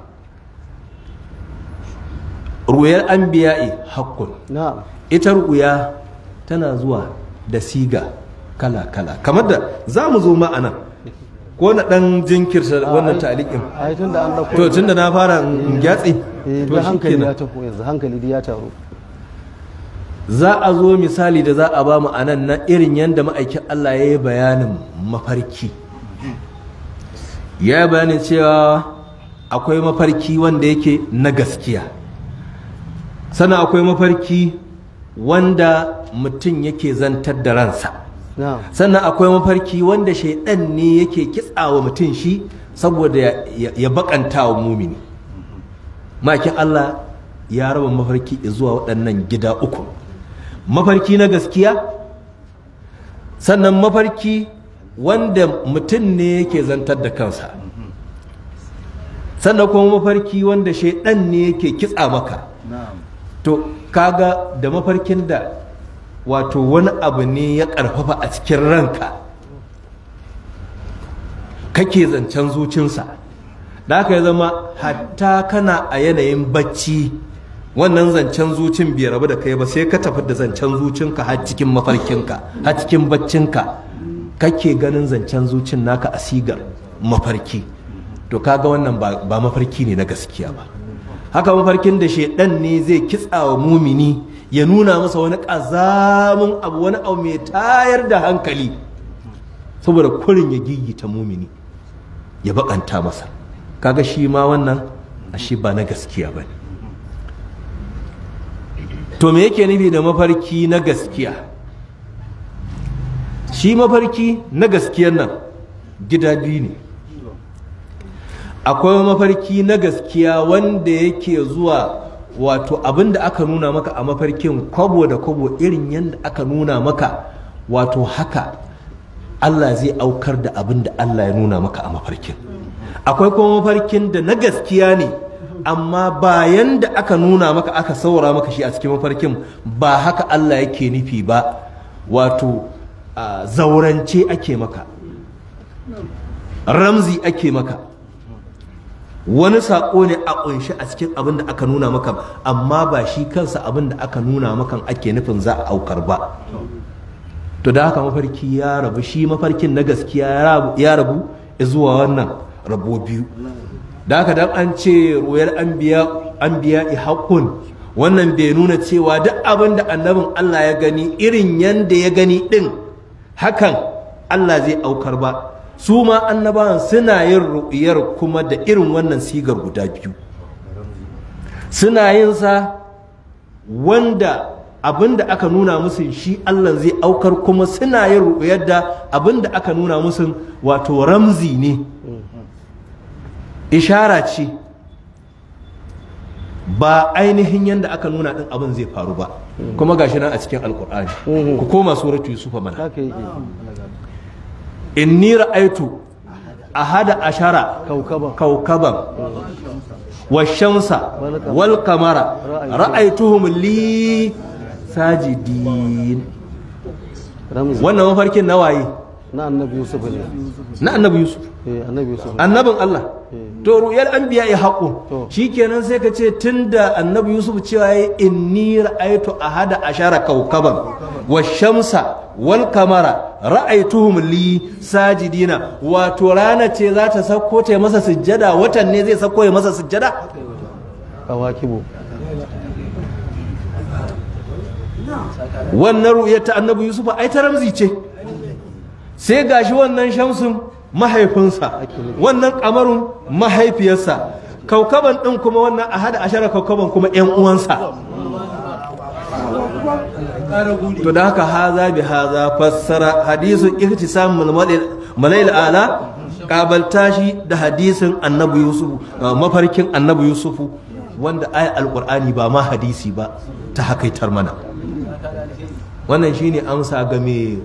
ruwayar anbiya'i hakkun na'am ita ruwaya tana zuwa da siga kala kala kamar da za mu zo ma'ana ko na dan jinkirta ah, wannan ta'alikin to tun da na fara gyatsi eh, to hankali ya tafi yanzu hankali ya taru za a zo misali da za a ba mu anan na irin yadda ma'aikin Allah ya yi bayanin mafarki ya yi bayanin cewa akwai mafarki wanda yake na gaskiya sana akwai mafarki wanda mutum yake zantar da ransa sannan akwai mafarki wanda shaidan ne yake kitsawa mutum shi saboda ya bakanta wa mumini makin Allah ya raba mafarki zuwa waɗannan gida uku mafarki na gaskiya sannan mafarki wanda mutum ne yake zantar da kansa sannan kuma mafarki wanda shaidan ne yake kitsa maka to kaga da mafarkin da wato wani abu ne ya karfafa a cikin ranka kake zancen zucinsa da aka yi zama hatta kana a yanayin bacci wannan zancen zucin bai rabu da kai ba sai ka tafi da zancen zucinka har cikin mafarkinka har cikin baccinka kake ganin zancen zucin naka a sigar mafarki to kaga wannan ba mafarki ne na gaskiya ba haka mafarkin da shedan ne zai kitsa wa mumini ya nuna masa wani ƙazamin abu wani abu mai tayar da hankali saboda kurin ya gigita mumini ya bakanta masa kaga shi ma wannan shi ba na gaskiya ba ne to me yake nufi da mafarki na gaskiya shi mafarki na gaskiyar nan gida biyu ne akwai mafarki na gaskiya wanda yake zuwa wato abin da aka nuna maka a mafarkin kwabo da kwabo irin yadda aka nuna maka wato haka Allah zai aukar da abin da Allah ya nuna maka a mafarkin akwai kuma mafarkin da na gaskiya ne amma bayan da aka nuna maka aka saura maka shi a cikin mafarkin ba haka Allah yake nufi ba wato zaurance ake maka ramzi ake maka wani saƙo ne a ƙunshi a cikin abin da aka nuna maka amma ba shi kansa abin da aka nuna maka ake nufin za a aukar ba to da haka mafarki ya rabu shi mafarkin na gaskiya ya rabu zuwa wannan rabo biyu da aka dan an ce ruwayar biya i haqqun wannan bai nuna cewa duk abin da annabin Allah ya gani irin yanda ya gani ɗin hakan Allah zai aukar ba su ma annabawan suna yin ru'iyar kuma da irin wannan sigar guda biyu suna yin sa wanda abin da aka nuna musu shi Allah zai aukar kuma suna yin ruɓuyar da abin da aka nuna musu wato ramzi ne ishara ce ba ainihin yadda aka nuna ɗin abin zai faru ba kuma gashi nan a cikin alkur'ani ku koma suratu yusufa mana inni ra'aitu hada ashara kaukaban washamsa wal kamara ra'aituhum li sajidin wannan mafarkin nawaye na annabi yusuf na eh, annabi yusuf annabin allah to ru'yal anbiya ya haƙo shikenan sai ka ce tunda annabi yusuf cewa ya inni ra'aytu ahada ashara kawkaban wa shamsa wal kamara ra'aytuhum li sajidina wato rana ce za ta sako ta masa sujjada watan ne zai sako ya masa sujjada kawakibu wannan ru'yar ta annabi yusuf ai ta ramzi ce sai gashi wannan shamsun mahaifinsa wannan kamarun mahaifiyarsa kaukaban ɗin kuma wannan a hada ashara kaukaban kuma yan uwansa to da haka haza bi haza fassara hadisin ihtisamul malail ala kabalta shi da hadisin annabi yusufu uh, mafarkin annabi yusufu wanda ayat alqur'ani ba ma hadisi ba ta hakaitar mana wannan shine amsa game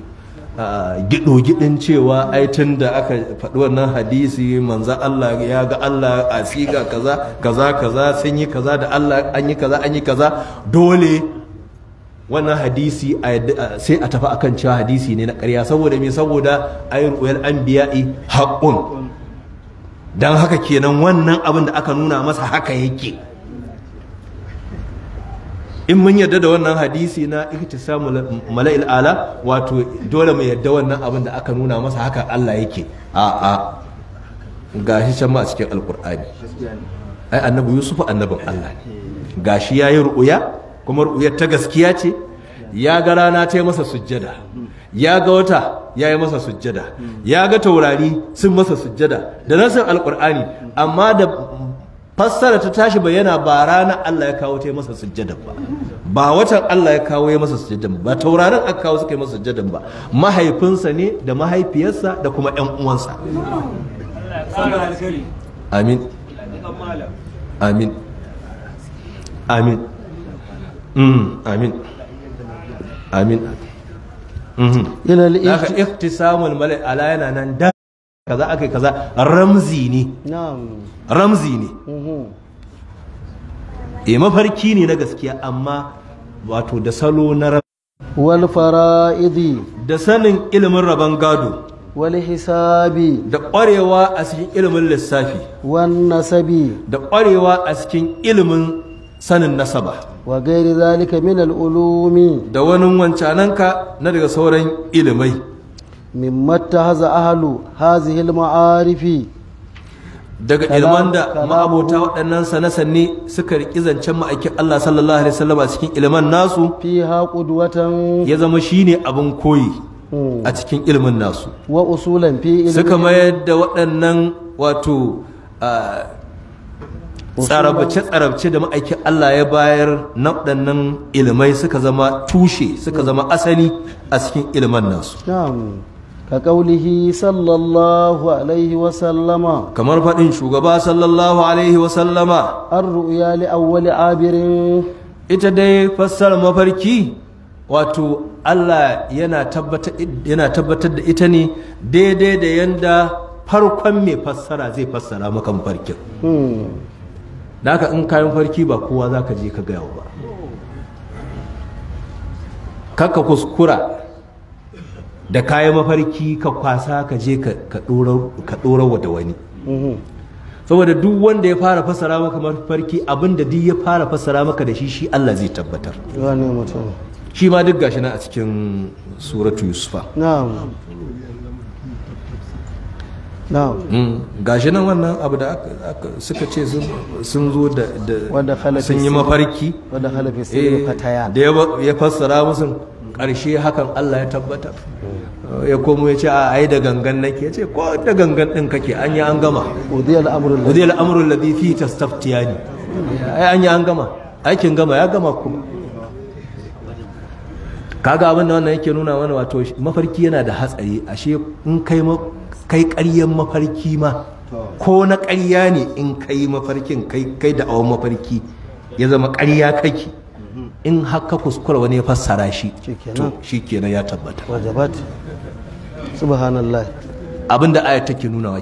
gido-gidin cewa ai tun da aka faɗi wannan hadisi manzan Allah ya ga Allah a siga kaza kaza kaza sun yi kaza da Allah an yi kaza an yi kaza dole wannan hadisi sai a tafi akan cewa hadisi ne na ƙarya saboda me saboda ai ru'yal anbiya'i haqqun dan haka kenan wannan abin da aka nuna masa haka yake in mun yarda da wannan hadisi na ihtisamu mala'il ala wato dole mu yarda wannan abin da aka nuna masa haka Allah yake a a gashi can ma a cikin alkur'ani ai annabi yusuf annabin Allah ne gashi yayi ru'uya kuma ru'uyar ta gaskiya ce ya ga rana ta yi masa sujjada ya ga wata ya yi masa sujjada ya ga taurari sun masa sujjada da nasar alkur'ani amma da fassara ta tashi bayyana ba ranar Allah ya kawo ta yi masa sujjadan ba ba watan Allah ya kawo ya masa sujjadan ba taurarin aka kawo suka yi masa sujjadan ba mahaifinsa ne da mahaifiyarsa da kuma ƴan uwansa amin amin amin mm, amin amin mm. ala yana nan kaza aka kaza ramzi ne ramzi ne e mafarki ne na gaskiya amma wato da salo na wal fara'idi da sanin ilimin rabon gado wal hisabi da ƙwarewa a cikin ilimin lissafi wan nasabi da ƙwarewa a cikin ilimin sanin nasaba wa gairi zalika min al ulumi da wani wancananka na daga sauran ilimai mimma tahaza ahlu hazihi ma'arifi daga ilman da ma'abota waɗannan sane-sane suka riƙi zancen ma'aikin Allah sallallahu alaihi wasallam a cikin ilman nasu fi haqudwatan ya zama shine abin koyi hmm. a cikin ilmin nasu wa usulan fi ilmi suka mayar da waɗannan wato tsarabce-tsarabce da ma'aikin Allah ya bayar na waɗannan ilmai suka zama tushe suka hmm. zama asali a cikin ilman nasu ka kaulihi sallallahu alaihi wasallama kamar faɗin shugaba sallallahu alaihi wasallama an ru'ya li awwali abirin ita dai fassara mafarki wato Allah yana tabbatar da ita ne daidai da yanda farkon mai fassara zai fassara maka mafarkin naka haka in kayan farki ba kowa za ka je ka gaya ba kakka kuskura da kayan mafarki ka kwasa ka je ka ɗora wa da wani mhm. saboda duk wanda ya fara fasara maka mafarki abinda duk ya fara fasara maka da shi shi Allah zai tabbatar shi ma duk gashi na a cikin suratu yusufa mm. gashi nan wannan abu da suka ce sun zo da sun yi mafarki eh, da ya fassara musu ƙarshe hakan Allah ya tabbatar ya komo ya ce a ai da gangan nake ya ce ko da gangan din kake an yi an gama udiyal al'amurin ladhi fi tastaftiyani ai an yi an gama aikin gama ya gama kuma kaga abin da wannan yake nuna mana wato mafarki yana da hatsari ashe in kai kai ƙaryan mafarki ma ko na ƙarya ne in kai mafarkin kai kai da awon mafarki ya zama ƙarya kake in haka kuskura wani ya fassara shi to shikenan ya tabbata wajabat subhanallah abinda aya take nuna hmm. wa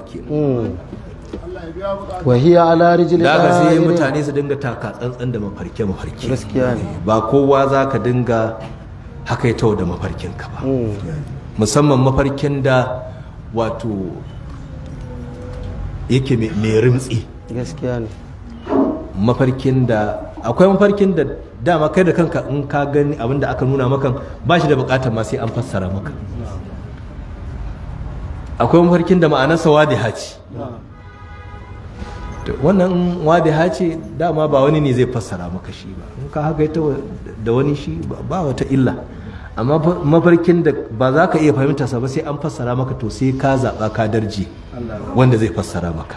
kenan ala rijli da sai mutane su dinga taka tsantsan da mafarke mafarke gaskiya ne ba kowa za ka dinga haka ya da mafarkin ka ba hmm. musamman mafarkin da wato yake mai rimtsi gaskiya ne mafarkin da akwai mafarkin da dama kai da kanka in ka gani abin da aka nuna maka ba shi da bukatar ma sai an fassara maka akwai mafarkin da ma'anarsa wadi ce wannan wadi ce dama ba wani ne zai fassara maka shi ba in ka haka ita da wani shi ba wata illa amma mafarkin da ba za ka iya fahimta sa ba sai an fassara maka to sai ka zaɓa ka darji wanda zai fassara maka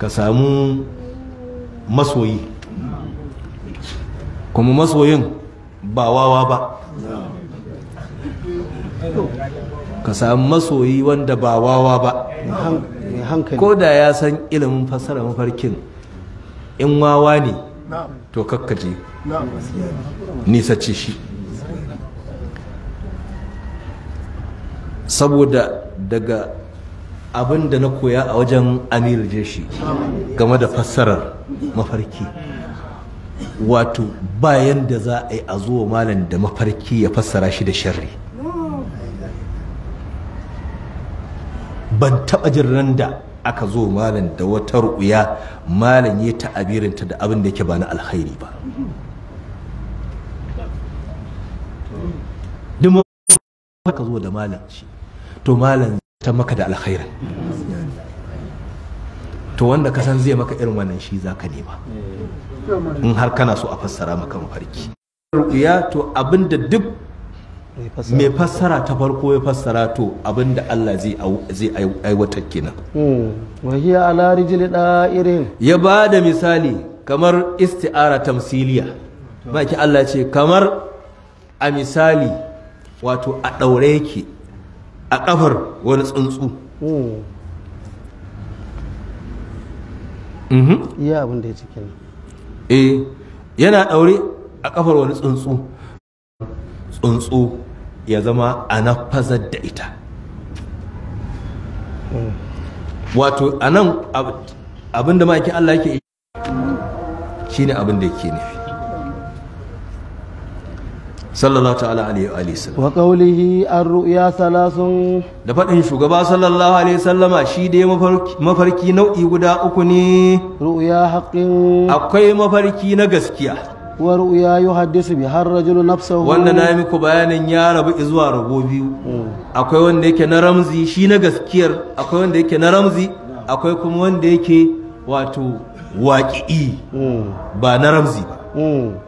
ka samu masoyi kuma masoyin ba wawa ba ka samu masoyi wanda ba wawa ba ko da ya san ilimin fasara mafarkin in wawa ne to kakkaje nisace shi saboda daga abin da na koya a wajen amir jeshi game da fassarar mafarki wato bayan da za a yi a zuwa malam da mafarki ya fassara shi da sharri ban taɓa jin ran da aka zo malam da wata ru'uya malam ya ta'abirinta da abin da yake ba na alkhairi ba duk ka zo da malam shi to malam ta maka da alkhairin to wanda ka san zai maka irin wannan shi za ka nema in har kana so a fassara maka mafarki ya to abinda duk mai fassara ta farko ya fassara to abinda Allah zai aiwatar kenan hmm. wahiya ala da da'irin ya ba da misali kamar isti'ara tamsiliya baki Allah ce kamar a misali wato a ɗaure yake a ƙafar wani tsuntsu hmm. mhm. iya abin da ya ciki eh yana ɗaure a ƙafar wani tsuntsu tsuntsu ya zama a fazar da ita wato a nan abin da ma'aikin Allah yake shine abin da yake nufi sallallahu ta'ala alaihi wa alihi wa qawlihi ar-ru'ya thalathun da fadin shugaba sallallahu alaihi sallama shi dai mafarki nau'i guda uku ne ru'ya haqqin akwai mafarki na gaskiya wa ru'ya yuhaddisu bi har rajulu nafsahu wannan na muku bayanin ya rabu zuwa rabo biyu hmm. akwai wanda yake na ramzi shi na gaskiyar akwai wanda yake na ramzi akwai kuma wanda yake wato waqi'i hmm. ba na ramzi ba hmm.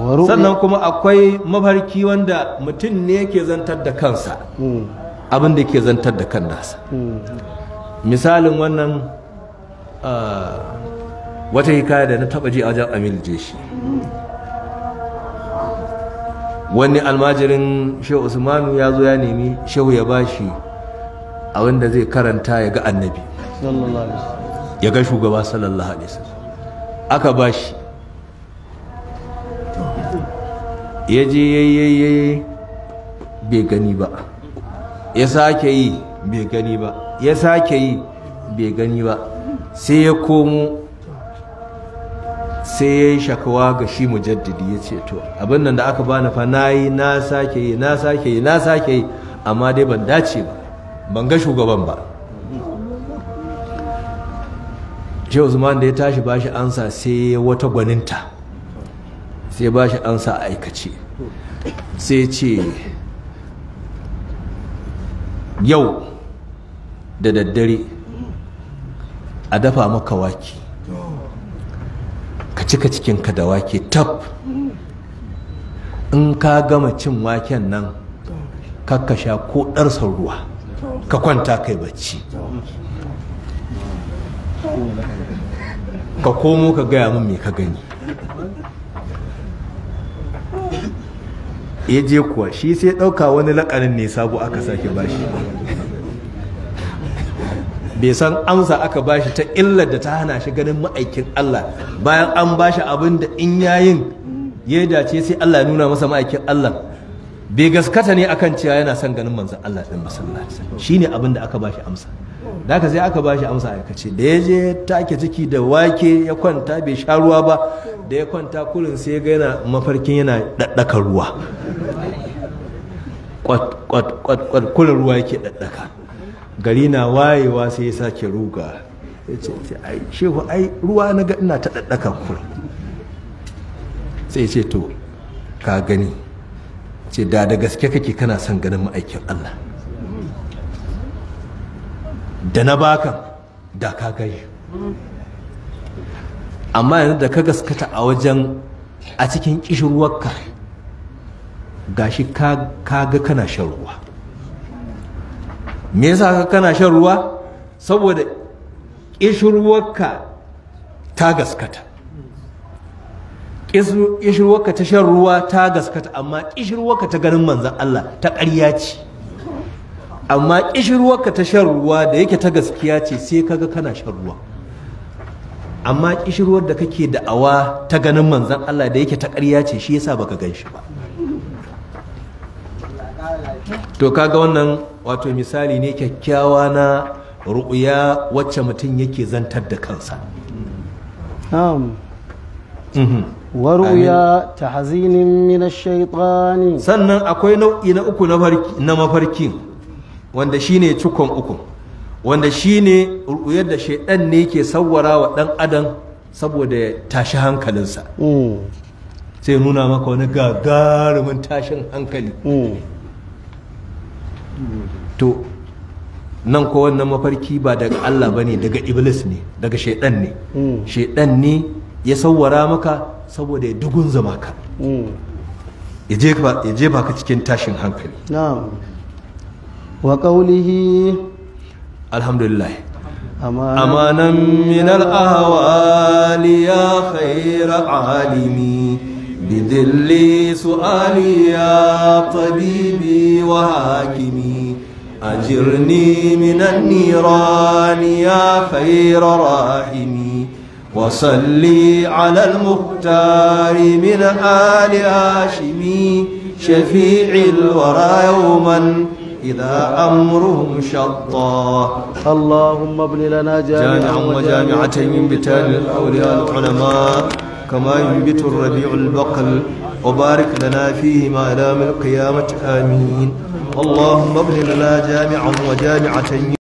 sannan kuma akwai mafarki wanda mutum ne yake zantar da kansa hmm. abin da ke zantar da kan nasa hmm. misalin wannan ah, wata hikaya da na taba ji a wajen amil jeshi wani almajirin shehu usmanu ya zo ya nemi shehu ya bashi abin da zai karanta ya ga annabi ya ga shugaba sallallahu alaihi wasallam aka bashi ya je yayyaye bai gani ba ya sake yi bai gani ba ya sake yi bai gani ba sai ya komo sai ya yi shakawa ga shi mu mujaddidi ya ce to abin nan da aka bani fa na yi na sake yi na sake yi na sake yi amma dai ban dace ba ban ga shugaban ba shehu usman da ya tashi bashi ansa sai wata gwaninta sai ba shi ɗansa a aikace sai ce yau da daddare a dafa maka wake ka cika cikinka da wake tab in ka gama cin waken nan kakasha ko ɗarsar ruwa ka kwanta kai bacci ka komo ka gaya min me ka gani ya je kuwa shi sai ɗauka wani laƙanin ne sabu aka sake bashi bai san amsa aka bashi ta illar da ta hana shi ganin ma'aikin Allah bayan an bashi abin da in yayin ya dace sai Allah ya nuna masa ma'aikin Allah bai gaskata ne akan cewa yana son ganin manzon Allah din masallaci shine abin da aka bashi amsa da haka sai aka ba shi amsa aikace da ya je take ciki da wake ya kwanta bai sha ruwa ba da ya kwanta kurin sai ga yana mafarkin yana daddaka ruwa kwat kurin ruwa yake daddaka gari na wayewa sai ya sake ruga ya ce ai shehu ai ruwa na ga ina ta daddaka kurin sai ce to ka gani ce da da gaske kake kana son ganin ma'aikin Allah da na baka da ka gaji amma yanzu da ka gaskata a wajen a cikin ƙishirwarka gashi ka ga kana shan ruwa me yasa ka kana shan ruwa saboda kishirwarka ta gaskata kishirwarka ta shan ruwa ta gaskata amma kishirwarka ta ganin manzan Allah ta ƙarya ce amma ƙishirwarka ta shan ruwa da yake ta gaskiya ce sai kaga kana shan ruwa amma ƙishirwar da kake da'awa ta ganin manzan Allah da yake ta ƙarya ce shi yasa baka gan shi ba to kaga wannan wato misali ne kyakkyawa na ru'uya wacce mutum yake zantar da kansa mhm. waruya ta hazinin mina shaitani sannan akwai nau'i na uku na mafarkin. wanda shine cikon uku wanda shi shine ruɗuyar da shaiɗan ne ke sawwara wa ɗan adam saboda ya tashi hankalinsa mm. sai nuna maka wani gagarumin tashin hankali mm. to nan ko wannan mafarki ba daga Allah ba ne daga iblis ne daga shaidan ne mm. shaidan ne ya sawwara maka saboda ya dugun zama ka ya jefa ka cikin tashin hankali وقوله الحمد لله أمانا من الأهوال يا خير عالمي بذل سؤالي يا طبيبي وهاكمي أجرني من النيران يا خير راحمي وصلي على المختار من آل هاشمي شفيع الورى يوماً إذا أمرهم شطا اللهم ابن لنا جامعا وجامعة من بتال الأولياء العلماء كما ينبت الربيع البقل وبارك لنا فيهما ما يوم القيامة آمين اللهم ابن لنا جامعا وجامعة